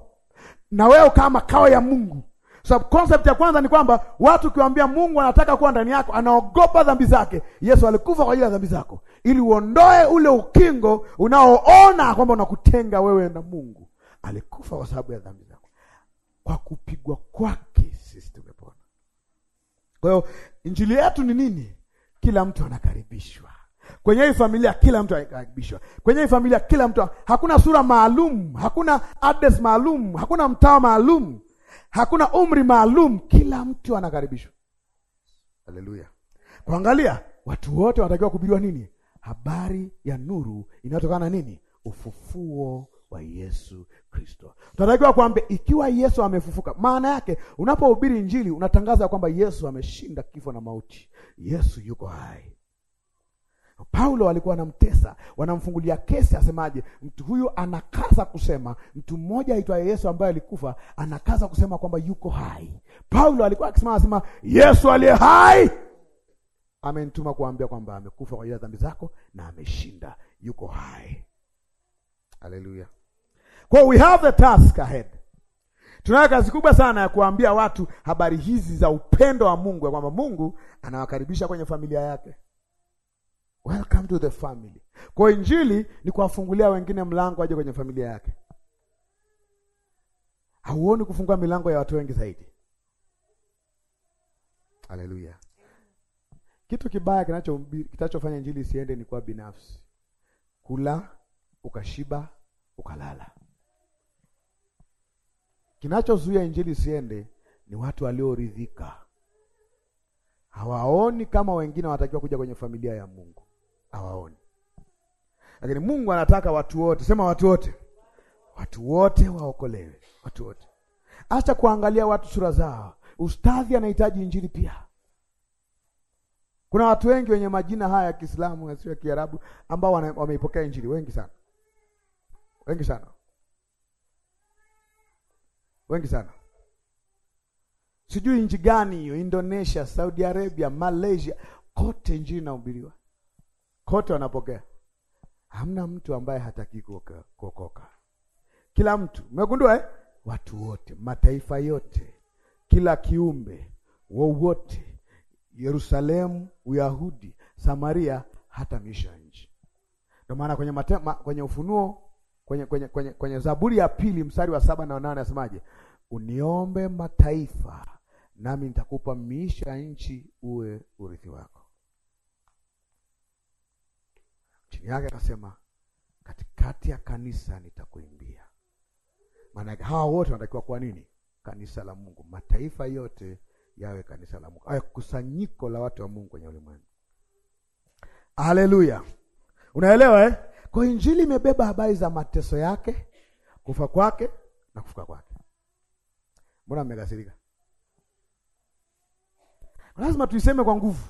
na wewe ukawa makao ya Mungu. So, concept ya kwanza ni kwamba watu ukiwaambia Mungu anataka kuwa ndani yako, anaogopa dhambi zake. Yesu alikufa kwa ajili ya dhambi zako ili uondoe ule ukingo unaoona kwamba unakutenga wewe na Mungu. Alikufa kwa sababu ya dhambi zako, kwa kupigwa kwake sisi tumepona. Kwa hiyo injili yetu ni nini? Kila mtu anakaribishwa Kwenye hii familia kila mtu anakaribishwa. Kwenye hii familia kila mtu, hakuna sura maalum, hakuna address maalum, hakuna mtaa maalum, hakuna umri maalum, kila mtu anakaribishwa. Haleluya! Kuangalia watu wote wanatakiwa kuhubiriwa nini? Habari ya nuru inayotokana nini? Ufufuo wa Yesu Kristo. Tunatakiwa kuambia ikiwa Yesu amefufuka. Maana yake unapohubiri Injili unatangaza kwamba Yesu ameshinda kifo na mauti, Yesu yuko hai. Paulo alikuwa anamtesa, wanamfungulia kesi, asemaje? Mtu huyu anakaza kusema, mtu mmoja aitwaye Yesu ambaye alikufa anakaza kusema kwamba yuko hai. Paulo alikuwa akisema, anasema Yesu aliye hai amenituma kuambia kwamba amekufa kwa ajili ya dhambi zako na ameshinda, yuko hai. Haleluya! kwa we have the task ahead. Tunayo kazi kubwa sana ya kuambia watu habari hizi za upendo wa Mungu, ya kwamba Mungu anawakaribisha kwenye familia yake. Welcome to the family. Kwa injili ni kuwafungulia wengine mlango aje kwenye familia yake. Hauoni kufungua milango ya watu wengi zaidi? Haleluya. Kitu kibaya kinacho kitachofanya injili isiende ni kuwa binafsi, kula ukashiba ukalala. Kinachozuia injili isiende ni watu walioridhika, hawaoni kama wengine wanatakiwa kuja kwenye familia ya Mungu awaone. Lakini Mungu anataka watu wote, sema watu wote, watu wote waokolewe, watu wote. Acha kuangalia watu sura zao. Ustadhi anahitaji injili pia. Kuna watu wengi wenye majina haya ya Kiislamu na sio ya Kiarabu ambao wameipokea injili, wengi sana, wengi sana, wengi sana. Sijui nchi gani hiyo, Indonesia, Saudi Arabia, Malaysia, kote injili inahubiriwa kote wanapokea. Hamna mtu ambaye hataki kuokoka, kila mtu. Umegundua eh? Watu wote, mataifa yote, kila kiumbe wowote, Yerusalemu, Uyahudi, Samaria, hata miisho ya nchi. Ndio maana kwenye matema, kwenye Ufunuo kwenye, kwenye, kwenye, kwenye Zaburi ya pili mstari wa saba na wanane asemaje? Uniombe mataifa, nami nitakupa miisho ya nchi uwe urithi wako. yake akasema, katikati ya kanisa nitakuimbia. Maana hawa wote wanatakiwa kuwa nini? Kanisa la Mungu. Mataifa yote yawe kanisa la Mungu, awe kusanyiko la watu wa Mungu kwenye ulimwengu. Haleluya, unaelewa eh? Kwa injili imebeba habari za mateso yake, kufa kwake na kufuka kwake. Mbona mmekasirika? Lazima tuiseme kwa nguvu,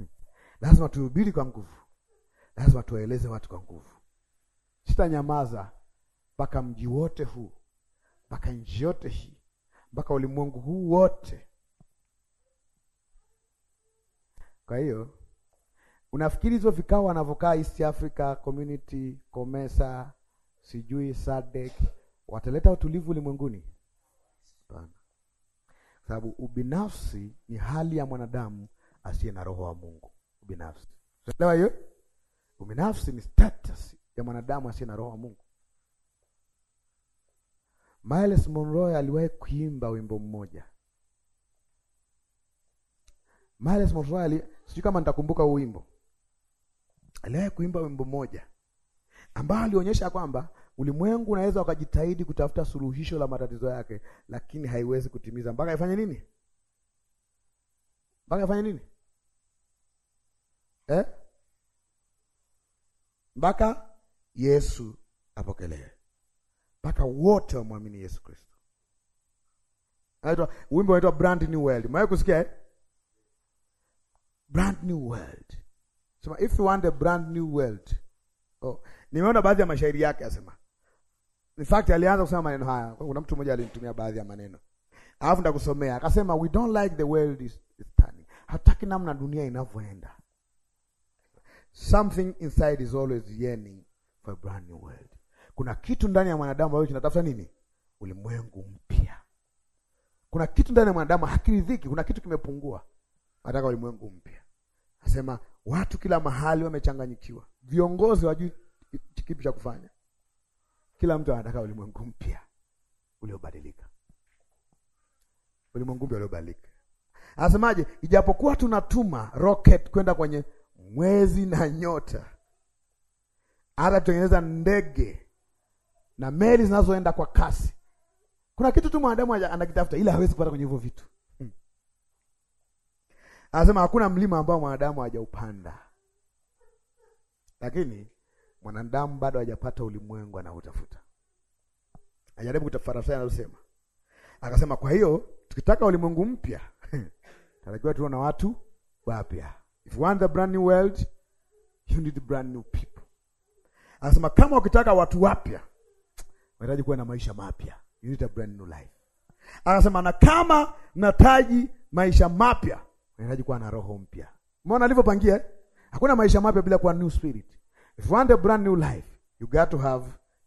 lazima tuhubiri kwa nguvu lazima tuwaeleze watu kwa nguvu. Sitanyamaza mpaka mji wote huu, mpaka nchi yote hii, mpaka ulimwengu huu wote. Kwa hiyo unafikiri hizo vikao wanavyokaa East Africa Community, COMESA, sijui SADC wataleta utulivu ulimwenguni? Hapana, sababu ubinafsi ni hali ya mwanadamu asiye na roho wa Mungu. Ubinafsi, unaelewa hiyo? Ubinafsi ni status ya mwanadamu asiye na roho wa Mungu. Miles Monroe aliwahi kuimba wimbo mmoja. Miles Monroe ali, sijui kama nitakumbuka huu wimbo. Aliwahi kuimba wimbo mmoja ambao alionyesha kwamba ulimwengu unaweza ukajitahidi kutafuta suluhisho la matatizo yake, lakini haiwezi kutimiza mpaka ifanye nini? Mpaka ifanye nini? Eh? mpaka Yesu apokelewe, mpaka wote wamwamini Yesu Kristo. Naitwa wimbo unaitwa Brand New World. mwae kusikia eh? Brand New World. Sema if you want a brand new world. Oh, nimeona baadhi ya mashairi yake asema. In fact alianza kusema maneno haya. Kuna mtu mmoja alinitumia baadhi ya maneno. Alafu ndakusomea. Akasema we don't like the world is, is turning. Hataki namna dunia inavyoenda. Something inside is always yearning for a brand new world. Kuna kitu ndani ya mwanadamu ambacho kinatafuta nini? Ulimwengu mpya. Kuna kitu ndani ya mwanadamu hakiridhiki, kuna kitu kimepungua, nataka ulimwengu mpya. Nasema watu kila mahali wamechanganyikiwa, viongozi wajui kipi cha kufanya. Kila mtu anataka ulimwengu mpya uliobadilika, ulimwengu mpya uliobadilika. Anasemaje? Ijapokuwa tunatuma rocket kwenda kwenye mwezi na nyota, hata tutengeneza ndege na meli zinazoenda kwa kasi. Kuna kitu tu mwanadamu anakitafuta, ila hawezi kupata kwenye hivyo vitu hmm. Anasema hakuna mlima ambao mwanadamu hajaupanda, lakini mwanadamu bado hajapata ulimwengu anaotafuta. Ajaribu kutafarasa anasema, akasema, kwa hiyo tukitaka ulimwengu mpya tunatakiwa tuwe na watu wapya. If you want the brand new world, you need brand new people. Anasema kama ukitaka watu wapya, unahitaji kuwa na maisha mapya. You need a brand new life. Anasema na kama nataji maisha mapya, unahitaji kuwa na roho mpya. Umeona alivyopangia? Eh? Hakuna maisha mapya bila kuwa new spirit. If you want a brand new life, you got to have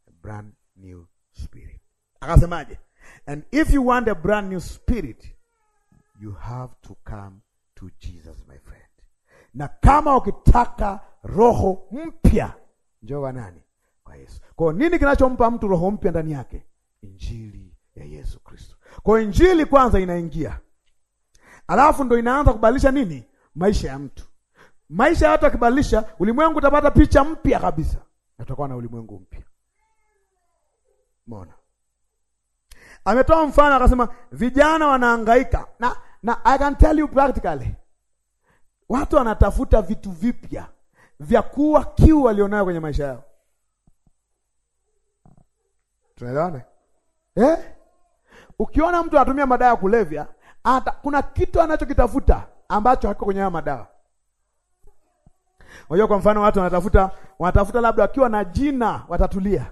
a brand new spirit. Akasemaje? And if you want a brand new spirit, you have to come to Jesus my friend na kama ukitaka roho mpya njoo nani? Kwa Yesu. Kwa nini kinachompa mtu roho mpya ndani yake? Injili ya Yesu Kristo. Kwa injili kwanza inaingia, alafu ndo inaanza kubadilisha nini? Maisha ya mtu, maisha ya watu. Akibadilisha ulimwengu, utapata picha mpya kabisa, na tutakuwa na ulimwengu mpya. Umeona, ametoa mfano akasema vijana wanahangaika na, na I can tell you practically Watu wanatafuta vitu vipya vya kuwa kiu walionayo kwenye maisha yao. Tunaelewana? Eh? Ukiona mtu anatumia madawa ya kulevya, hata kuna kitu anachokitafuta ambacho hakiko kwenye haya madawa. Unajua, kwa mfano watu wanatafuta wanatafuta labda wakiwa na jina watatulia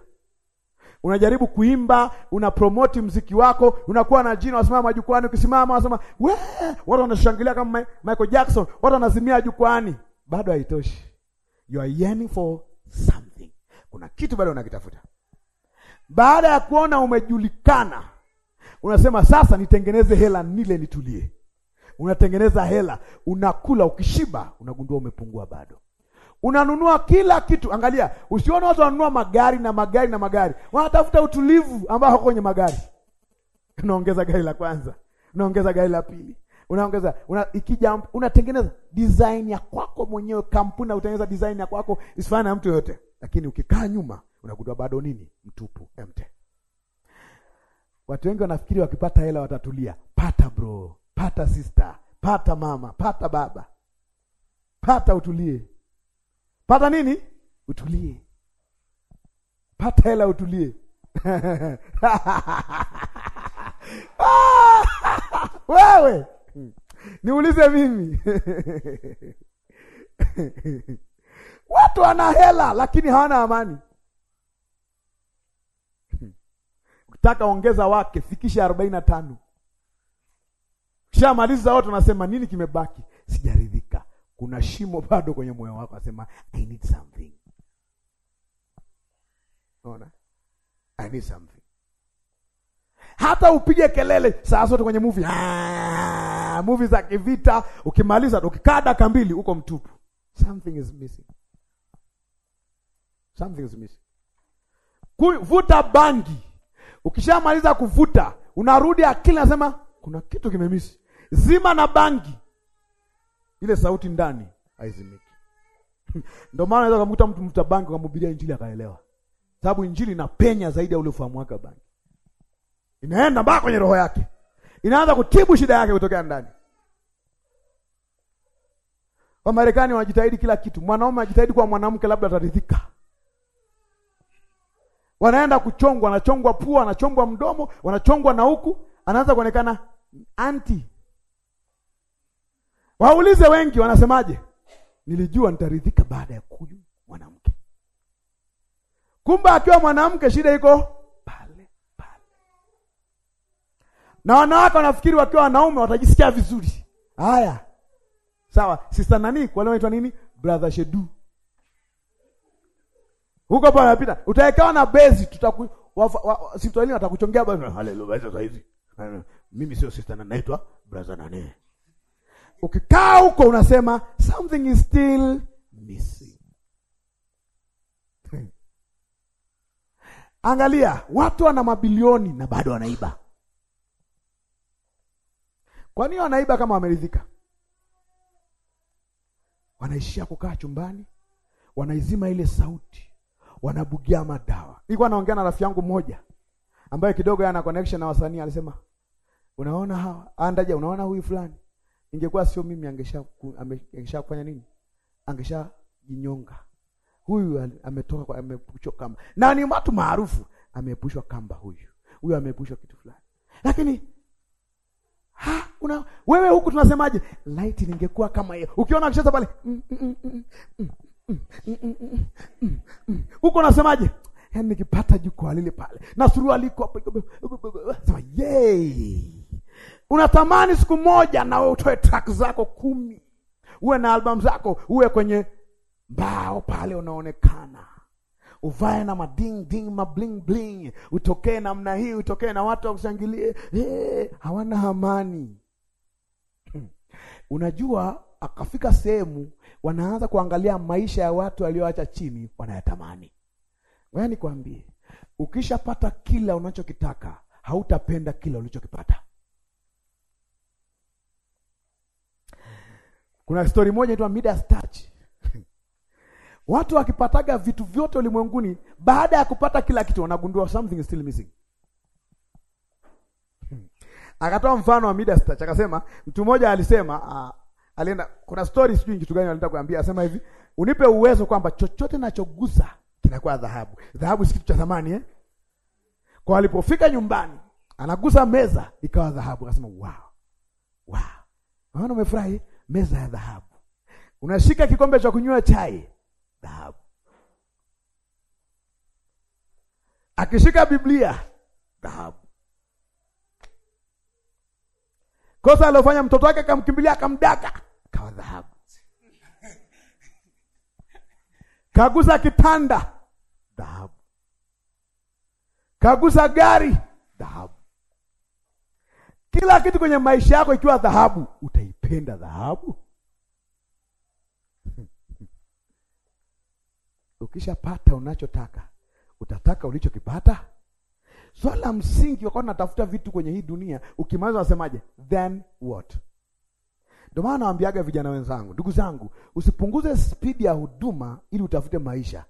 unajaribu kuimba, una promote mziki wako, unakuwa na jina, wasimama majukwani, ukisimama wasema we, watu wanashangilia kama Michael Jackson, watu wanazimia jukwani, bado haitoshi. You are yearning for something, kuna kitu bado unakitafuta. Baada ya kuona umejulikana, unasema sasa nitengeneze hela, nile nitulie. Unatengeneza hela, unakula, ukishiba unagundua umepungua bado Unanunua kila kitu. Angalia, usione watu wanunua magari na magari na magari, wanatafuta utulivu ambao hauko kwenye magari. Unaongeza gari la kwanza, unaongeza gari la pili, unaongeza una, ikija unatengeneza design ya kwako mwenyewe. Kampuni unatengeneza design ya kwako isifanane na mtu yoyote, lakini ukikaa nyuma unakuta bado nini, mtupu, empty. Watu wengi wanafikiri wakipata hela watatulia. Pata bro, pata sister, pata mama, pata baba, pata utulie pata nini? Utulie, pata hela, utulie wewe niulize mimi watu wana hela lakini hawana amani. Ukitaka ongeza wake, fikisha arobaini na tano. Ukishamaliza wote, wanasema nini kimebaki? Sijaridhi kuna shimo bado kwenye moyo wako, asema I need something. Unaona, I need something. Hata upige kelele saa zote kwenye movie, ah, movie za kivita, ukimaliza ukikaa dakika mbili uko mtupu, something is missing, something is missing. Kuvuta bangi, ukishamaliza kuvuta unarudi akili, nasema kuna kitu kimemisi. Zima na bangi ile sauti ndani haizimiki. Ndio maana unaweza kumkuta mtu mta banki ukamhubiria injili akaelewa, sababu injili inapenya zaidi ya ule ufahamu wake banki, inaenda mpaka kwenye roho yake, inaanza kutibu shida yake kutokea ndani. Wamarekani wanajitahidi kila kitu, mwanaume anajitahidi kwa mwanamke, labda ataridhika. Wanaenda kuchongwa, wanachongwa pua, wanachongwa mdomo, wanachongwa na huku, anaanza kuonekana anti Waulize wengi wanasemaje? Nilijua nitaridhika baada ya kuyu mwanamke. Kumbe akiwa mwanamke shida iko pale pale. Na wanawake wanafikiri wakiwa wanaume watajisikia vizuri. Haya. Sawa, sister nani kwa leo inaitwa nini? Brother Shedu. Huko pale napita. Utaekewa na bezi tutaku sitolini atakuchongea bwana. Haleluya sasa hizi. Mimi sio sister na naitwa brother nani ukikaa huko unasema something is still missing. Angalia, watu wana mabilioni na bado wanaiba. Kwa nini wanaiba kama wameridhika? Wanaishia kukaa chumbani, wanaizima ile sauti, wanabugia madawa. Nilikuwa naongea na rafiki yangu mmoja ambaye kidogo ana connection na wasanii, alisema, unaona hawa andaja, ah, unaona huyu fulani Ingekuwa sio mimi, angesha kufanya nini? angesha jinyonga Huyu ametoka kwa amepushwa kamba, na ni watu maarufu, amepushwa kamba huyu, huyu amepushwa kitu fulani, lakini ha, una wewe huku tunasemaje? Light ningekuwa kama yeye. Ukiona mchezo pale huko unasemaje? Yaani nikipata jukwaa lile pale na suruali iko hapo, sema yeye Unatamani siku moja nawe utoe track zako kumi, uwe na albamu zako, uwe kwenye mbao pale unaonekana, uvae na mading ding ma bling, utokee namna hii, utokee na watu wakushangilie. Hey, eh, hawana amani Unajua, akafika sehemu wanaanza kuangalia maisha ya watu walioacha chini, wanayatamani. Ngoja nikwambie, ukishapata kila unachokitaka hautapenda kila ulichokipata. Kuna story moja inaitwa Midas touch watu wakipataga vitu vyote ulimwenguni, baada ya kupata kila kitu wanagundua something is still missing. Hmm. Akatoa mfano wa Midas touch, akasema mtu mmoja alisema uh, alienda kuna story sijui kitu gani alitaka kuambia, asema hivi, unipe uwezo kwamba chochote nachogusa kinakuwa dhahabu. Dhahabu si kitu cha thamani eh? Kwa alipofika nyumbani, anagusa meza ikawa dhahabu, akasema wow, wow, maana umefurahi eh? meza ya dhahabu. Unashika kikombe cha kunywa chai dhahabu, akishika Biblia dhahabu. Kosa alofanya mtoto wake akamkimbilia, akamdaka, kawa dhahabu. Kagusa kitanda dhahabu, kagusa gari dhahabu. Kila kitu kwenye maisha yako ikiwa dhahabu utai Mpenda dhahabu ukishapata unachotaka utataka ulichokipata. Swala la msingi, wakati natafuta vitu kwenye hii dunia, ukimaliza unasemaje? Then what? Ndio maana nawaambiaga vijana wenzangu, ndugu zangu, usipunguze spidi ya huduma ili utafute maisha.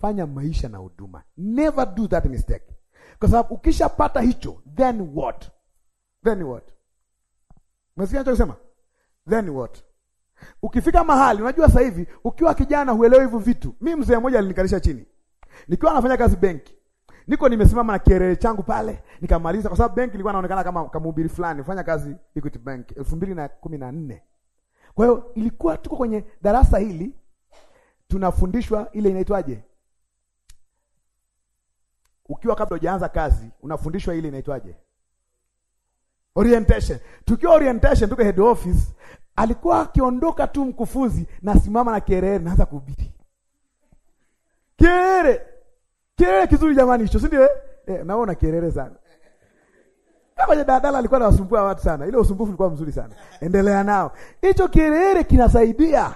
Fanya maisha na huduma, never do that mistake, kwa sababu ukishapata hicho, then what? Then what? Umesikia nachokisema? then what? Ukifika mahali unajua, sasa hivi ukiwa kijana huelewi hivyo vitu. Mi mzee mmoja alinikalisha chini nikiwa nafanya kazi benki, niko nimesimama na kierele changu pale, nikamaliza kwa sababu benki ilikuwa inaonekana kama kamhubiri fulani fanya kazi Equity Bank 2014. Kwa hiyo ilikuwa tuko kwenye darasa hili tunafundishwa ile inaitwaje, ukiwa kabla hujaanza kazi unafundishwa ile inaitwaje orientation. Tukiwa orientation tuko head office, alikuwa akiondoka tu mkufuzi na simama na kerere naanza kuhubiri. Kerere. Kerere kizuri jamani hicho, si ndio? Eh, eh naona kerere sana. Kama je dadala alikuwa anawasumbua watu sana. Ile usumbufu ulikuwa mzuri sana. Endelea nao. Hicho kerere kinasaidia.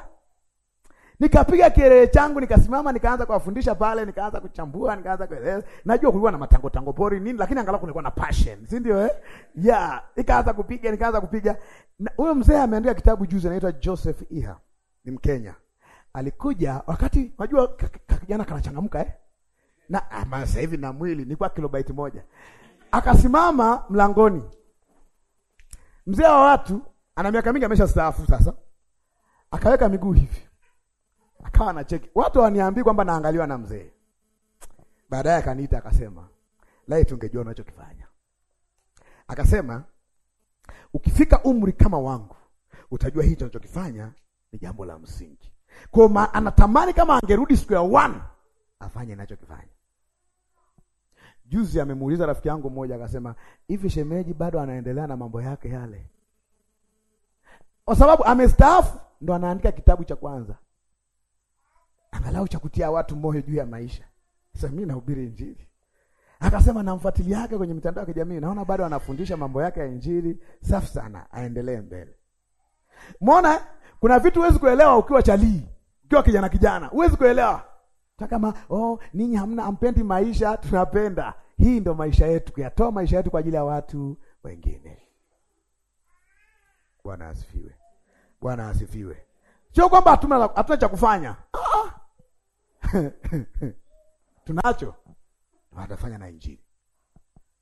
Nikapiga kelele changu, nikasimama, nikaanza kuwafundisha pale, nikaanza kuchambua, nikaanza kueleza. Najua kulikuwa na matango tango pori nini, lakini angalau kulikuwa na passion, si ndio eh? Yeah, ikaanza kupiga, nikaanza kupiga. Huyo mzee ameandika kitabu juzi, anaitwa Joseph Iha, ni Mkenya. Alikuja wakati unajua kijana kanachangamka eh? Na ama ah, sasa hivi na mwili ni kwa kilobaiti moja. Akasimama mlangoni. Mzee wa watu ana miaka mingi ameshastaafu sasa. Akaweka miguu hivi akawa anacheki watu waniambi kwamba naangaliwa na mzee. Baadaye akaniita akasema, lai tungejua unachokifanya. Akasema ukifika umri kama wangu utajua hicho unachokifanya ni jambo la msingi. Kwa ma, anatamani kama angerudi siku ya one afanye anachokifanya. Juzi amemuuliza rafiki yangu mmoja akasema, hivi shemeji bado anaendelea na mambo yake yale? Kwa sababu amestaafu ndo anaandika kitabu cha kwanza angalau cha kutia watu moyo juu ya maisha. Sasa mimi nahubiri Injili. Akasema namfuatilia yake kwenye mitandao ya kijamii, naona bado anafundisha mambo yake ya Injili, safi sana, aendelee mbele. Mona, kuna vitu huwezi kuelewa ukiwa chali, ukiwa kijana kijana, huwezi kuelewa. Hata kama oh, ninyi hamna ampendi maisha, tunapenda. Hii ndo maisha yetu, kuyatoa maisha yetu kwa ajili ya watu wengine. Bwana asifiwe. Bwana asifiwe. Sio kwamba hatuna hatuna cha kufanya. Ah, ah. tunacho, watafanya na Injili.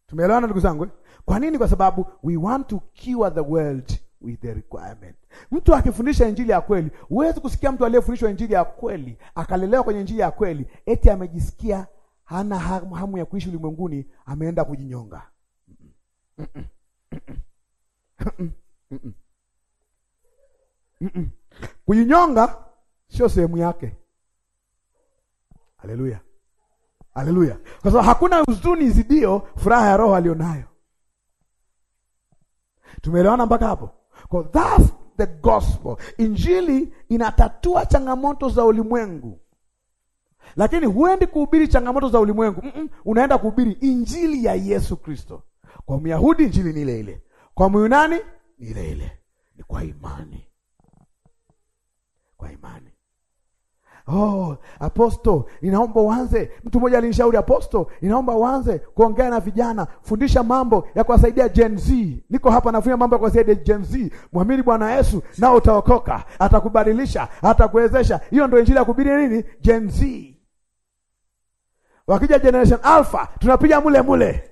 Tumeelewana ndugu zangu? Eh? Kwa nini? Kwa sababu we want to cure the world with the requirement. Mtu akifundisha injili ya kweli, huwezi kusikia mtu aliyefundishwa injili ya kweli akalelewa kwenye injili ya kweli eti amejisikia hana hamu ya kuishi ulimwenguni, ameenda kujinyonga. Kujinyonga sio sehemu yake. Haleluya, haleluya, kwa sababu hakuna huzuni zidio furaha ya Roho alionayo. Tumeelewana mpaka hapo? Kwa that's the gospel. Injili inatatua changamoto za ulimwengu, lakini huendi kuhubiri changamoto za ulimwengu. Mm -mm, unaenda kuhubiri injili ya Yesu Kristo. Kwa Myahudi injili ni ile ile, kwa Myunani ni ile ile, ni kwa imani, kwa imani oh, aposto, inaomba uanze. Mtu mmoja alinishauri aposto, inaomba uanze kuongea na vijana, fundisha mambo ya kuwasaidia Gen Z. Niko hapa nafundisha mambo ya kuwasaidia Gen Z. Mwamini Bwana Yesu na utaokoka, atakubadilisha, atakuwezesha. Hiyo ndio injili ya kuhubiri nini? Gen Z. Wakija generation alpha tunapiga mule mule.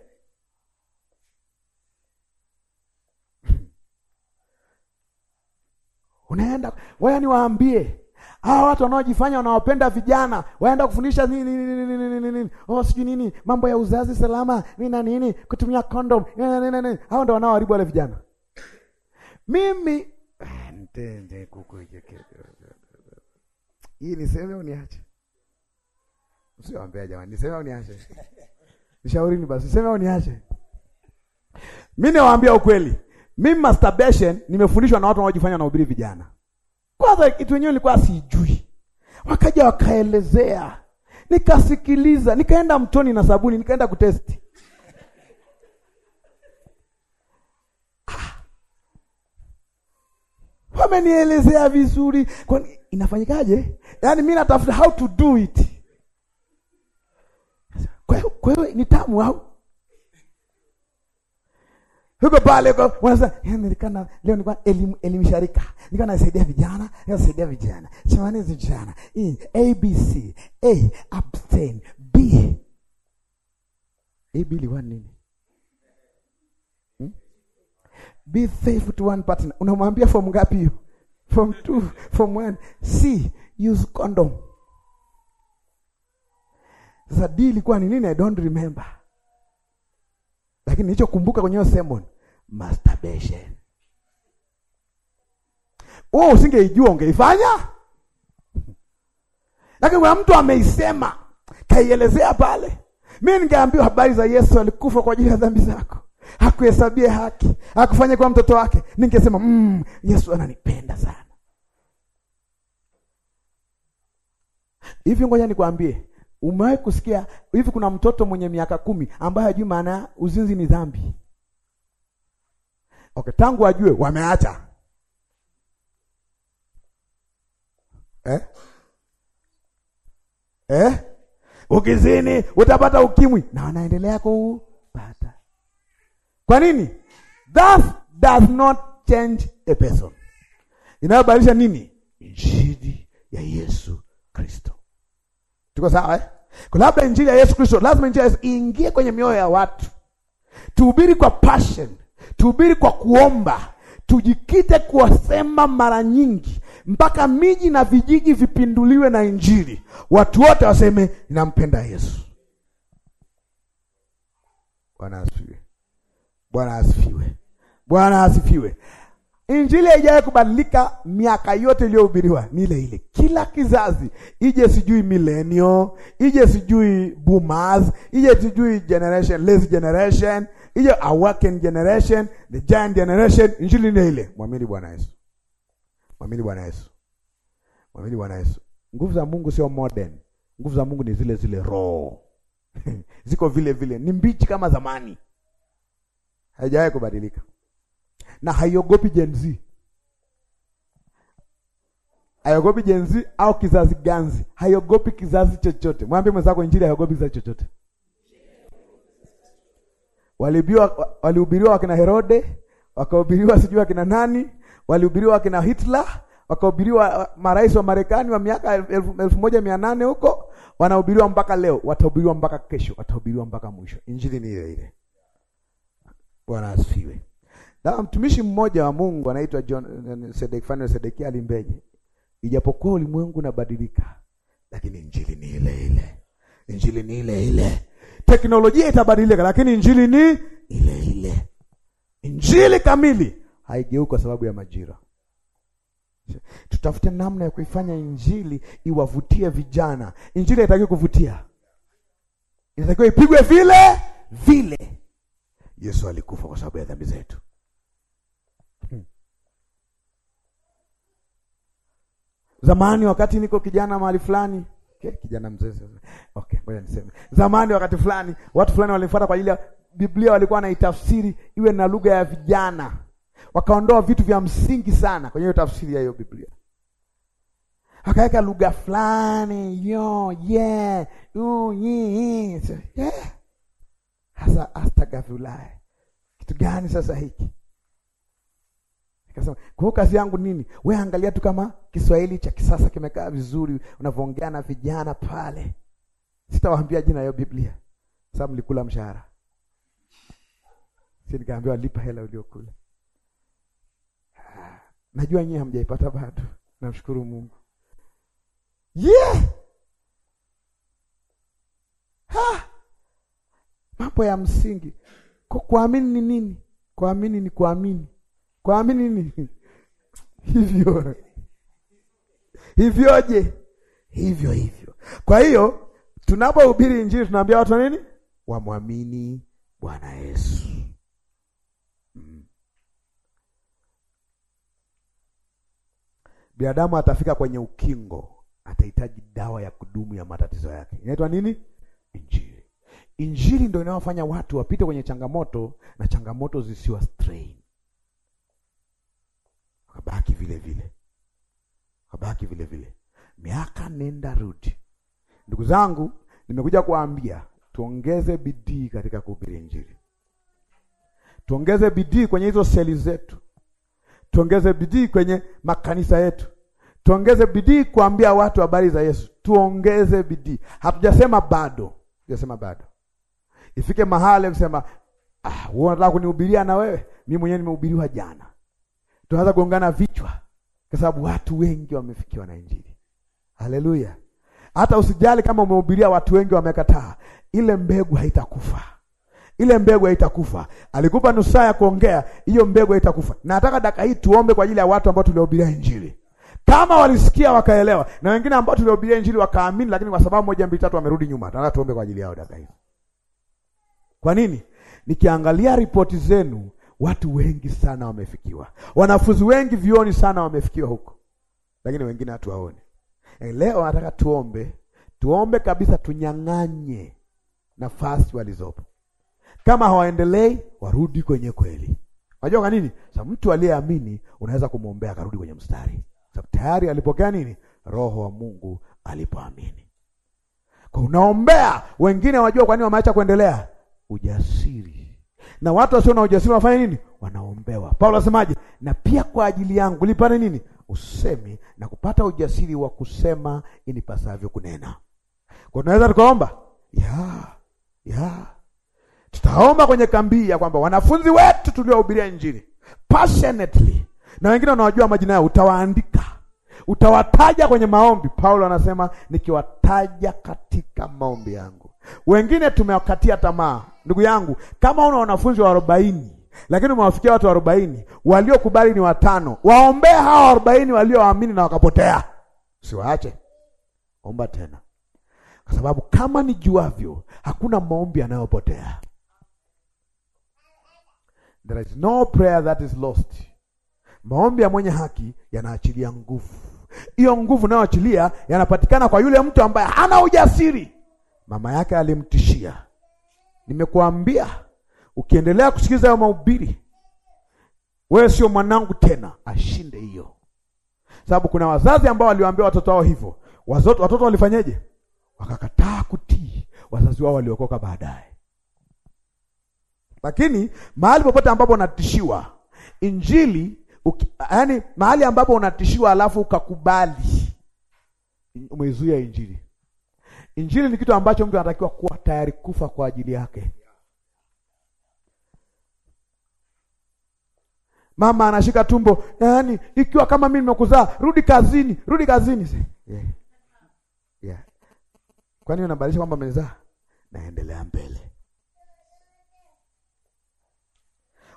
Unaenda wewe, niwaambie hawa watu wanaojifanya wanawapenda vijana waenda kufundisha nini nini nini nini nini, nini oh sijui nini, mambo ya uzazi salama mimi na nini, kutumia kondom nini nini nini. Hao ndo wanaoharibu wale vijana. Mimi ah, ntende kukuja hii ni niseme uniache, usiwaambia jamani, niseme uniache, nishauri ni basi, niseme uniache. Mimi nawaambia ukweli, mimi masturbation nimefundishwa na watu wanaojifanya wanahubiri vijana. Kwanza kitu wenyewe nilikuwa sijui, wakaja wakaelezea, nikasikiliza, nikaenda mtoni na sabuni, nikaenda kutesti ah. wamenielezea vizuri, kwa inafanyikaje? Yaani mi natafuta how to do it. Kwa hiyo ni tamu au huko pale wanasema, "Eh, nilikana leo nilikuwa elimu elimu sharika Nilikuwa nasaidia vijana, leo nasaidia vijana. Chamani vijana. E, A B C. A abstain. B. A B liwa nini? Hmm? Be faithful to one partner. Unamwambia form ngapi hiyo? Form 2, form 1. C, use condom. Sasa D ilikuwa ni nini? I don't remember lakini nilichokumbuka kwenye hiyo sermon masturbation. Wewe usingeijua ungeifanya, lakini kuna mtu ameisema kaielezea pale. Mimi ningeambiwa habari za Yesu, alikufa kwa ajili ya dhambi zako, hakuhesabie haki, hakufanya kwa mtoto wake, ningesema mm, Yesu ananipenda sana. Hivi ngoja nikwambie, Umewahi kusikia hivi, kuna mtoto mwenye miaka kumi ambaye hajui maana uzinzi ni dhambi? Okay, tangu ajue wameacha eh? Eh? Ukizini utapata ukimwi na wanaendelea kupata. Kwa nini? That does not change a person. Inayobadilisha nini? Injili ya Yesu Kristo. Tuko sawa eh? Labda injili ya Yesu Kristo, lazima injili Yesu iingie kwenye mioyo ya watu. Tuhubiri kwa passion, tuhubiri kwa kuomba, tujikite kuwasema mara nyingi, mpaka miji na vijiji vipinduliwe na injili, watu wote waseme ninampenda Yesu. Bwana asifiwe! Bwana asifiwe! Bwana asifiwe! Injili haijawahi kubadilika, miaka yote iliyohubiriwa ni ile ile, kila kizazi, ije sijui milenio, ije sijui boomers, ije sijui generation less generation, ije awaken generation, the giant generation, injili ni ile. Mwamini Bwana Yesu, mwamini Bwana Yesu, mwamini Bwana Yesu. Nguvu za Mungu sio modern, nguvu za Mungu ni zile zile raw ziko vile vile, ni mbichi kama zamani, haijawahi kubadilika na haiogopi Gen Z, haiogopi Gen Z au kizazi ganzi, haiogopi kizazi chochote. Mwambie mwenzako, injili haiogopi kizazi chochote. Walibiwa, walihubiriwa wakina Herode, wakahubiriwa sijui wakina nani, walihubiriwa wakina Hitler, wakahubiriwa marais wa Marekani wa miaka elfu, elfu moja mia nane huko, wanahubiriwa mpaka leo, watahubiriwa mpaka kesho, watahubiriwa mpaka mwisho. Injili ni ile ile. Bwana asifiwe. Na mtumishi mmoja wa Mungu anaitwa John Sedekfano eh, eh, Sedekia Limbeje, ijapokuwa ulimwengu unabadilika, lakini injili ni ile ile, injili ni ile ile. Teknolojia itabadilika, lakini injili ni ile ile. Injili kamili haigeuki kwa sababu ya majira. Tutafute namna ya kuifanya injili iwavutie vijana. Injili haitakiwi kuvutia, inatakiwa ipigwe vile vile. Yesu alikufa kwa sababu ya dhambi zetu. Zamani wakati niko kijana mahali fulani, okay, kijana mzee sasa. Okay, ngoja niseme. Zamani wakati fulani, watu fulani walifuata kwa ajili ya Biblia walikuwa wanaitafsiri iwe na lugha ya vijana. Wakaondoa vitu vya msingi sana kwenye hiyo tafsiri ya hiyo Biblia. Akaweka lugha fulani, yo, yeah, u, yeah. Hasa astagfirullah. Kitu gani sasa hiki? Akasema, kwa kazi yangu nini? We angalia tu kama Kiswahili cha kisasa kimekaa vizuri unavyoongea na vijana pale. Sitawaambia jina ya Biblia. Sasa mlikula mshahara. Sisi nikaambiwa lipa hela uliokula. Ah, najua nyinyi hamjaipata bado. Namshukuru Mungu. Yeah! Ha! Mambo ya msingi. Kuamini ni nini? Kuamini ni kuamini. Kwaamini nini? Hivyo hivyoje? Hivyo hivyo. Kwa hiyo tunapohubiri Injili tunaambia watu nini? Wamwamini Bwana Yesu. Mm. Binadamu atafika kwenye ukingo, atahitaji dawa ya kudumu ya matatizo yake. Inaitwa nini? Injili. Injili ndio inayofanya watu wapite kwenye changamoto na changamoto zisiwa strain kabaki vile vile, kabaki vile vile, miaka nenda rudi. Ndugu zangu, nimekuja kuambia tuongeze bidii katika kuhubiri Injili, tuongeze bidii kwenye hizo seli zetu, tuongeze bidii kwenye makanisa yetu, tuongeze bidii kuambia watu habari za Yesu, tuongeze bidii. Hatujasema bado, hatujasema bado. Ifike mahali msema, ah, wewe unataka kunihubiria na wewe, mimi mwenyewe nimehubiriwa jana tunaanza kugongana vichwa, kwa sababu watu wengi wamefikiwa na Injili. Haleluya! Hata usijali kama umehubiria watu wengi wamekataa, ile mbegu haitakufa. Ile mbegu haitakufa. Alikupa nusaa ya kuongea, hiyo mbegu haitakufa. Na nataka dakika hii tuombe kwa ajili ya watu ambao tuliohubiria Injili kama walisikia wakaelewa, na wengine ambao tuliohubiria injili wakaamini, lakini kwa sababu moja mbili tatu wamerudi nyuma. Tana tuombe kwa ajili yao dakika hii. Kwa nini? Nikiangalia ripoti zenu, Watu wengi sana wamefikiwa, wanafunzi wengi vioni sana wamefikiwa huko, lakini wengine hatuwaone. E, eh, leo nataka tuombe, tuombe kabisa, tunyang'anye nafasi walizopo. Kama hawaendelei warudi kwenye kweli. Unajua kwa nini? Sasa mtu aliyeamini unaweza kumwombea akarudi kwenye mstari, sababu tayari alipokea nini? Roho wa Mungu alipoamini. Kwa unaombea wengine, wajua kwa nini wameacha kuendelea? Ujasiri na watu wasio na ujasiri wafanye nini? Wanaombewa. Paulo asemaje? Na pia kwa ajili yangu lipane nini? Usemi na kupata ujasiri wa kusema inipasavyo kunena. Kwa tunaweza tukaomba ya ya, tutaomba kwenye kambi ya kwamba wanafunzi wetu tuliohubiria Injili passionately, na wengine wanawajua majina yao, utawaandika utawataja kwenye maombi. Paulo anasema nikiwataja katika maombi yangu. Wengine tumewakatia tamaa Ndugu yangu, kama una wanafunzi wa arobaini lakini umewafikia watu arobaini waliokubali ni watano, waombee hawa arobaini walioamini na wakapotea, siwaache. Omba tena, kwa sababu kama juavyo, hakuna maombi yanayopotea. There is no prayer that is lost. Maombi ya mwenye haki yanaachilia nguvu. Hiyo nguvu nayoachilia yanapatikana kwa yule mtu ambaye hana ujasiri. Mama yake alimtishia Nimekuambia ukiendelea kusikiza hayo mahubiri, wewe sio mwanangu tena, ashinde hiyo. Sababu kuna wazazi ambao waliwaambia watoto wao hivyo, watoto walifanyeje? Wakakataa kutii, wazazi wao waliokoka baadaye. Lakini mahali popote ambapo unatishiwa injili uki, yaani mahali ambapo unatishiwa alafu ukakubali, umeizuia injili. Injili ni kitu ambacho mtu anatakiwa kuwa tayari kufa kwa ajili yake. Mama anashika tumbo, yaani ikiwa kama mimi nimekuzaa, rudi kazini, rudi kazini. Yeah. Yeah. Kwani unabadilisha kwamba amezaa? Naendelea mbele.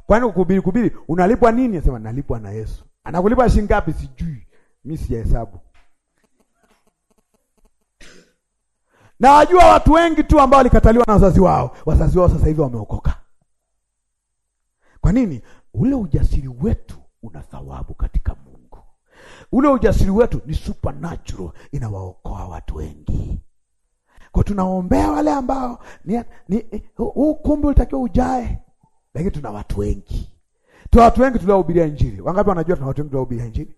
Kwani ukubiri kubiri unalipwa nini? Anasema nalipwa na Yesu. Anakulipa shilingi ngapi? Sijui, mimi sijahesabu. na wajua watu wengi tu ambao walikataliwa na wazazi wao, wazazi wao sasa hivi wameokoka. Kwa nini? Ule ujasiri wetu una thawabu katika Mungu. Ule ujasiri wetu ni supernatural, inawaokoa watu wengi. Kwa tunaombea wale ambao ni, ni, huu kumbi ulitakiwa ujae, lakini tuna watu wengi, tuna watu wengi tuliohubiria Injili. Wangapi wanajua tuna watu wengi tuliohubiria Injili?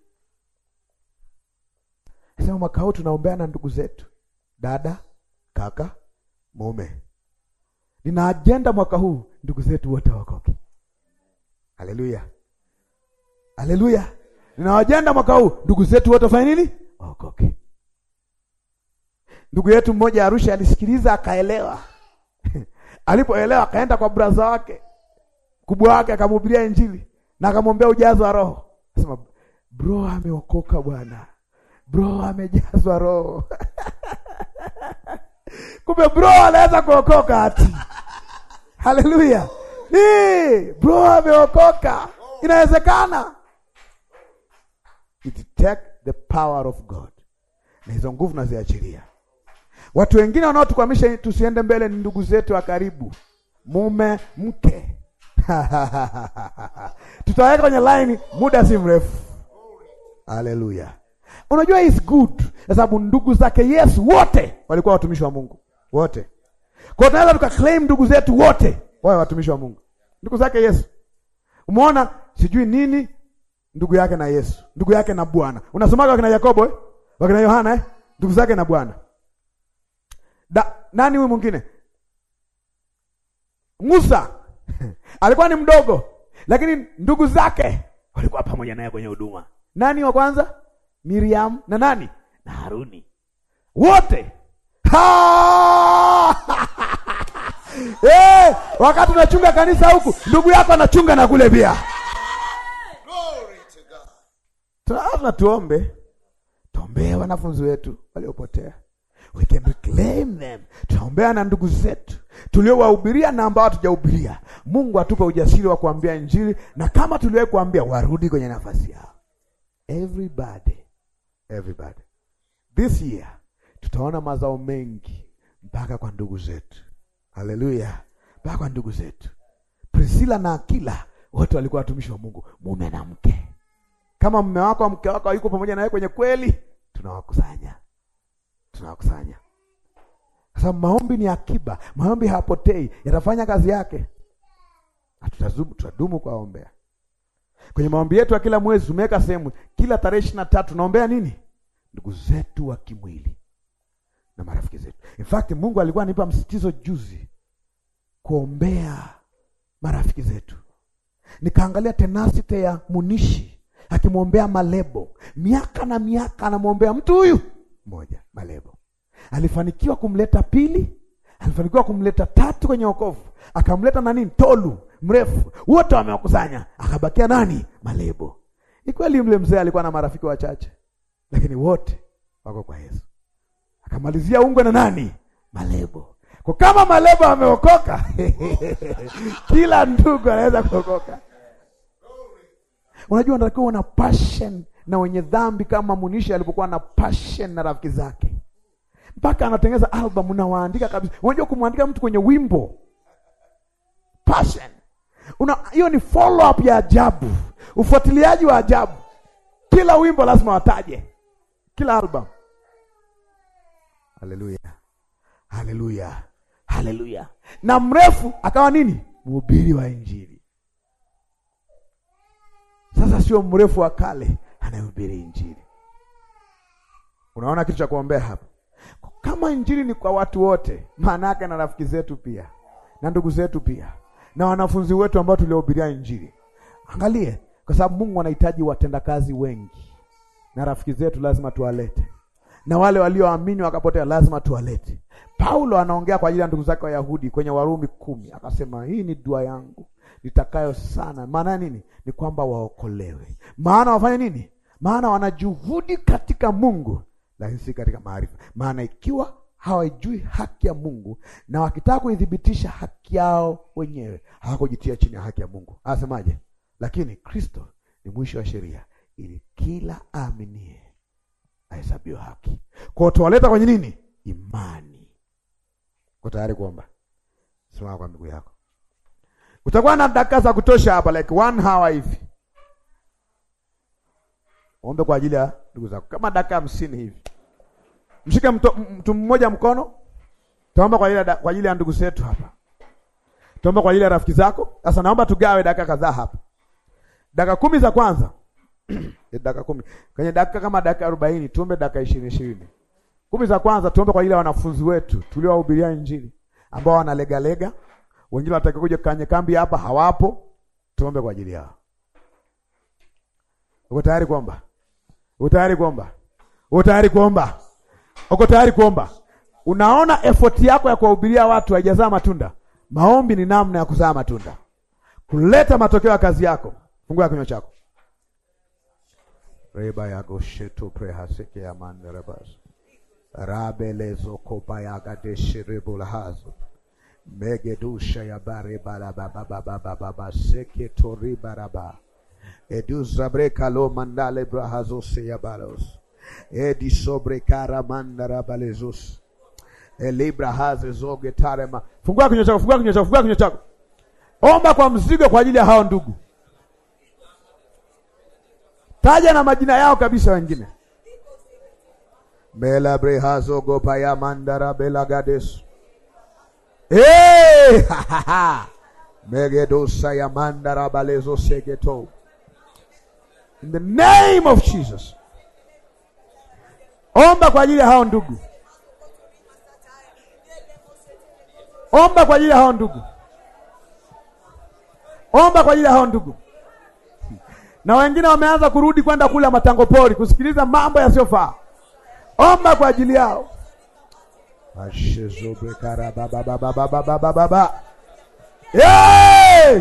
Sema mwaka huu tunaombea na ndugu zetu dada kaka mume. Nina ajenda mwaka huu ndugu zetu wote waokoke Haleluya, haleluya! Nina ajenda mwaka huu ndugu zetu wote wafanye nini? Waokoke. Ndugu yetu mmoja Arusha alisikiliza akaelewa. Alipoelewa akaenda kwa braza wake kubwa wake akamhubiria Injili na akamwombea ujazo wa Roho. Asema bro ameokoka bwana, bro amejazwa Roho. Kumbe bro anaweza kuokoka hati. Haleluya! Ni bro ameokoka, inawezekana. It take the power of God, na hizo nguvu naziachilia. Watu wengine wanaotukwamisha tusiende mbele ni ndugu zetu wa karibu, mume, mke tutaweka kwenye laini muda si mrefu. Haleluya! Unajua is good kwa sababu ndugu zake Yesu wote walikuwa watumishi wa Mungu wote. Kwa hiyo tunaweza tukaclaim ndugu zetu wote wawe watumishi wa Mungu, ndugu zake Yesu. Umeona sijui nini, ndugu yake na Yesu, ndugu yake na Bwana. Unasomaga wakina Yakobo eh? wakina Yohana eh? ndugu zake na Bwana. Da, nani huyu mwingine? Musa alikuwa ni mdogo, lakini ndugu zake walikuwa pamoja naye kwenye huduma. Nani wa kwanza? Miriam na nani na Haruni wote hey, eh, wakati unachunga kanisa huku ndugu yako anachunga na kule pia. Tuna ah, tuombe, tuombee wanafunzi wetu waliopotea, we can reclaim them. Tunaombea na ndugu zetu tuliowahubiria na ambao hatujahubiria. Mungu atupe ujasiri wa kuambia Injili, na kama tuliwahi kuambia, warudi kwenye nafasi yao everybody everybody. This year tutaona mazao mengi mpaka kwa ndugu zetu. Haleluya, mpaka kwa ndugu zetu. Priscilla na Akila wote walikuwa watumishi wa Mungu, mume na mke. Kama mume wako au mke wako hayuko pamoja nawe kwenye kweli, tunawakusanya, tunawakusanya. Sasa maombi ni akiba, maombi hapotei, yatafanya kazi yake, na tutadumu kwa ombea Kwenye maombi yetu ya kila mwezi tumeweka sehemu, kila tarehe ishirini na tatu naombea nini? Ndugu zetu wa kimwili na marafiki zetu. In fact, Mungu alikuwa anipa msitizo juzi kuombea marafiki zetu, nikaangalia tenacity ya Munishi akimwombea Malebo miaka na miaka, anamwombea mtu huyu mmoja. Malebo alifanikiwa kumleta pili, alifanikiwa kumleta tatu kwenye wokovu, akamleta na nini, Tolu mrefu, wote wamewakusanya, akabakia nani? Malebo. Ni kweli mle mzee alikuwa na marafiki wachache, lakini wote wako kwa Yesu. Akamalizia ungwe na nani? Malebo. Kwa kama malebo ameokoka kila ndugu anaweza kuokoka. Unajua, natakiwa una passion na wenye dhambi kama Munisha alipokuwa na passion na rafiki zake, mpaka anatengeneza album, na waandika kabisa. Unajua kumwandika mtu kwenye wimbo passion hiyo ni follow up ya ajabu, ufuatiliaji wa ajabu. Kila wimbo lazima wataje, kila album. Haleluya, haleluya, haleluya. Na mrefu akawa nini? Mhubiri wa Injili. Sasa sio mrefu wa kale, anahubiri Injili. Unaona kitu cha kuombea hapa? Kama injili ni kwa watu wote, maana yake na rafiki zetu pia na ndugu zetu pia na wanafunzi wetu ambao tuliohubiria Injili. Angalie, kwa sababu Mungu anahitaji watendakazi wengi, na rafiki zetu lazima tuwalete, na wale walioamini wakapotea lazima tuwalete. Paulo anaongea kwa ajili ya ndugu zake Wayahudi kwenye Warumi kumi, akasema hii ni dua yangu nitakayo sana. Maana nini? Ni kwamba waokolewe. Maana wafanye nini? Maana wanajuhudi katika Mungu, lakini si katika maarifa. Maana ikiwa hawajui haki ya Mungu, na wakitaka kuidhibitisha haki yao wenyewe hawakujitia chini ya haki ya Mungu. Anasemaje? Lakini Kristo ni mwisho wa sheria, ili kila aaminie ahesabiwe haki. hiyo tuwaleta kwenye nini? Imani. Kwa tayari kuomba? Simama kwa miguu yako. Utakuwa na dakika za kutosha hapa, like one hour hivi. Ombe kwa ajili ya ndugu zako, kama dakika hamsini hivi. Mshike mtu mmoja mkono. Tuomba kwa ajili kwa ajili ya ndugu zetu hapa. Tuomba kwa ajili ya rafiki zako. Sasa naomba tugawe dakika kadhaa hapa. Dakika kumi za kwanza. Eh, dakika kumi. Kwenye dakika kama dakika 40 tuombe dakika 20 20. Kumi za kwanza tuombe kwa ajili ya wanafunzi wetu tuliowahubiria Injili ambao wanalegalega, wengine wanataka kuja kwenye kambi hapa hawapo. Tuombe kwa ajili yao. Uko tayari kuomba? Uko tayari kuomba? Uko tayari kuomba? Uko tayari kuomba? Unaona effort yako ya kuwahubiria watu haijazaa matunda. Maombi ni namna ya kuzaa matunda, kuleta matokeo ya kazi yako. Fungua kinywa chako reba yago shetu prehaseke ya mandarabas rabelezo kopa ya gadeshi yaga deshirebulhazo megedusha ya bare bala baba baba baba baba seke toriba toribaraba eduzabreka kalo mandale brahazose ya balos edi sobre karamanda rabalezus elibra zoge tarema. Fungua kinywa chako, fungua kinywa chako, fungua kinywa chako. Omba kwa mzigo kwa ajili ya hao ndugu, taja na majina yao kabisa, wengine bela gopa ya mandara bela gades hey! megedosa ya mandara balezo segeto in the name of Jesus Omba kwa ajili ya hao ndugu, omba kwa ajili ya hao ndugu, omba kwa ajili ya hao ndugu. Na wengine wameanza kurudi kwenda kula matango pori kusikiliza mambo yasiyofaa. Omba kwa ajili yao. Hey!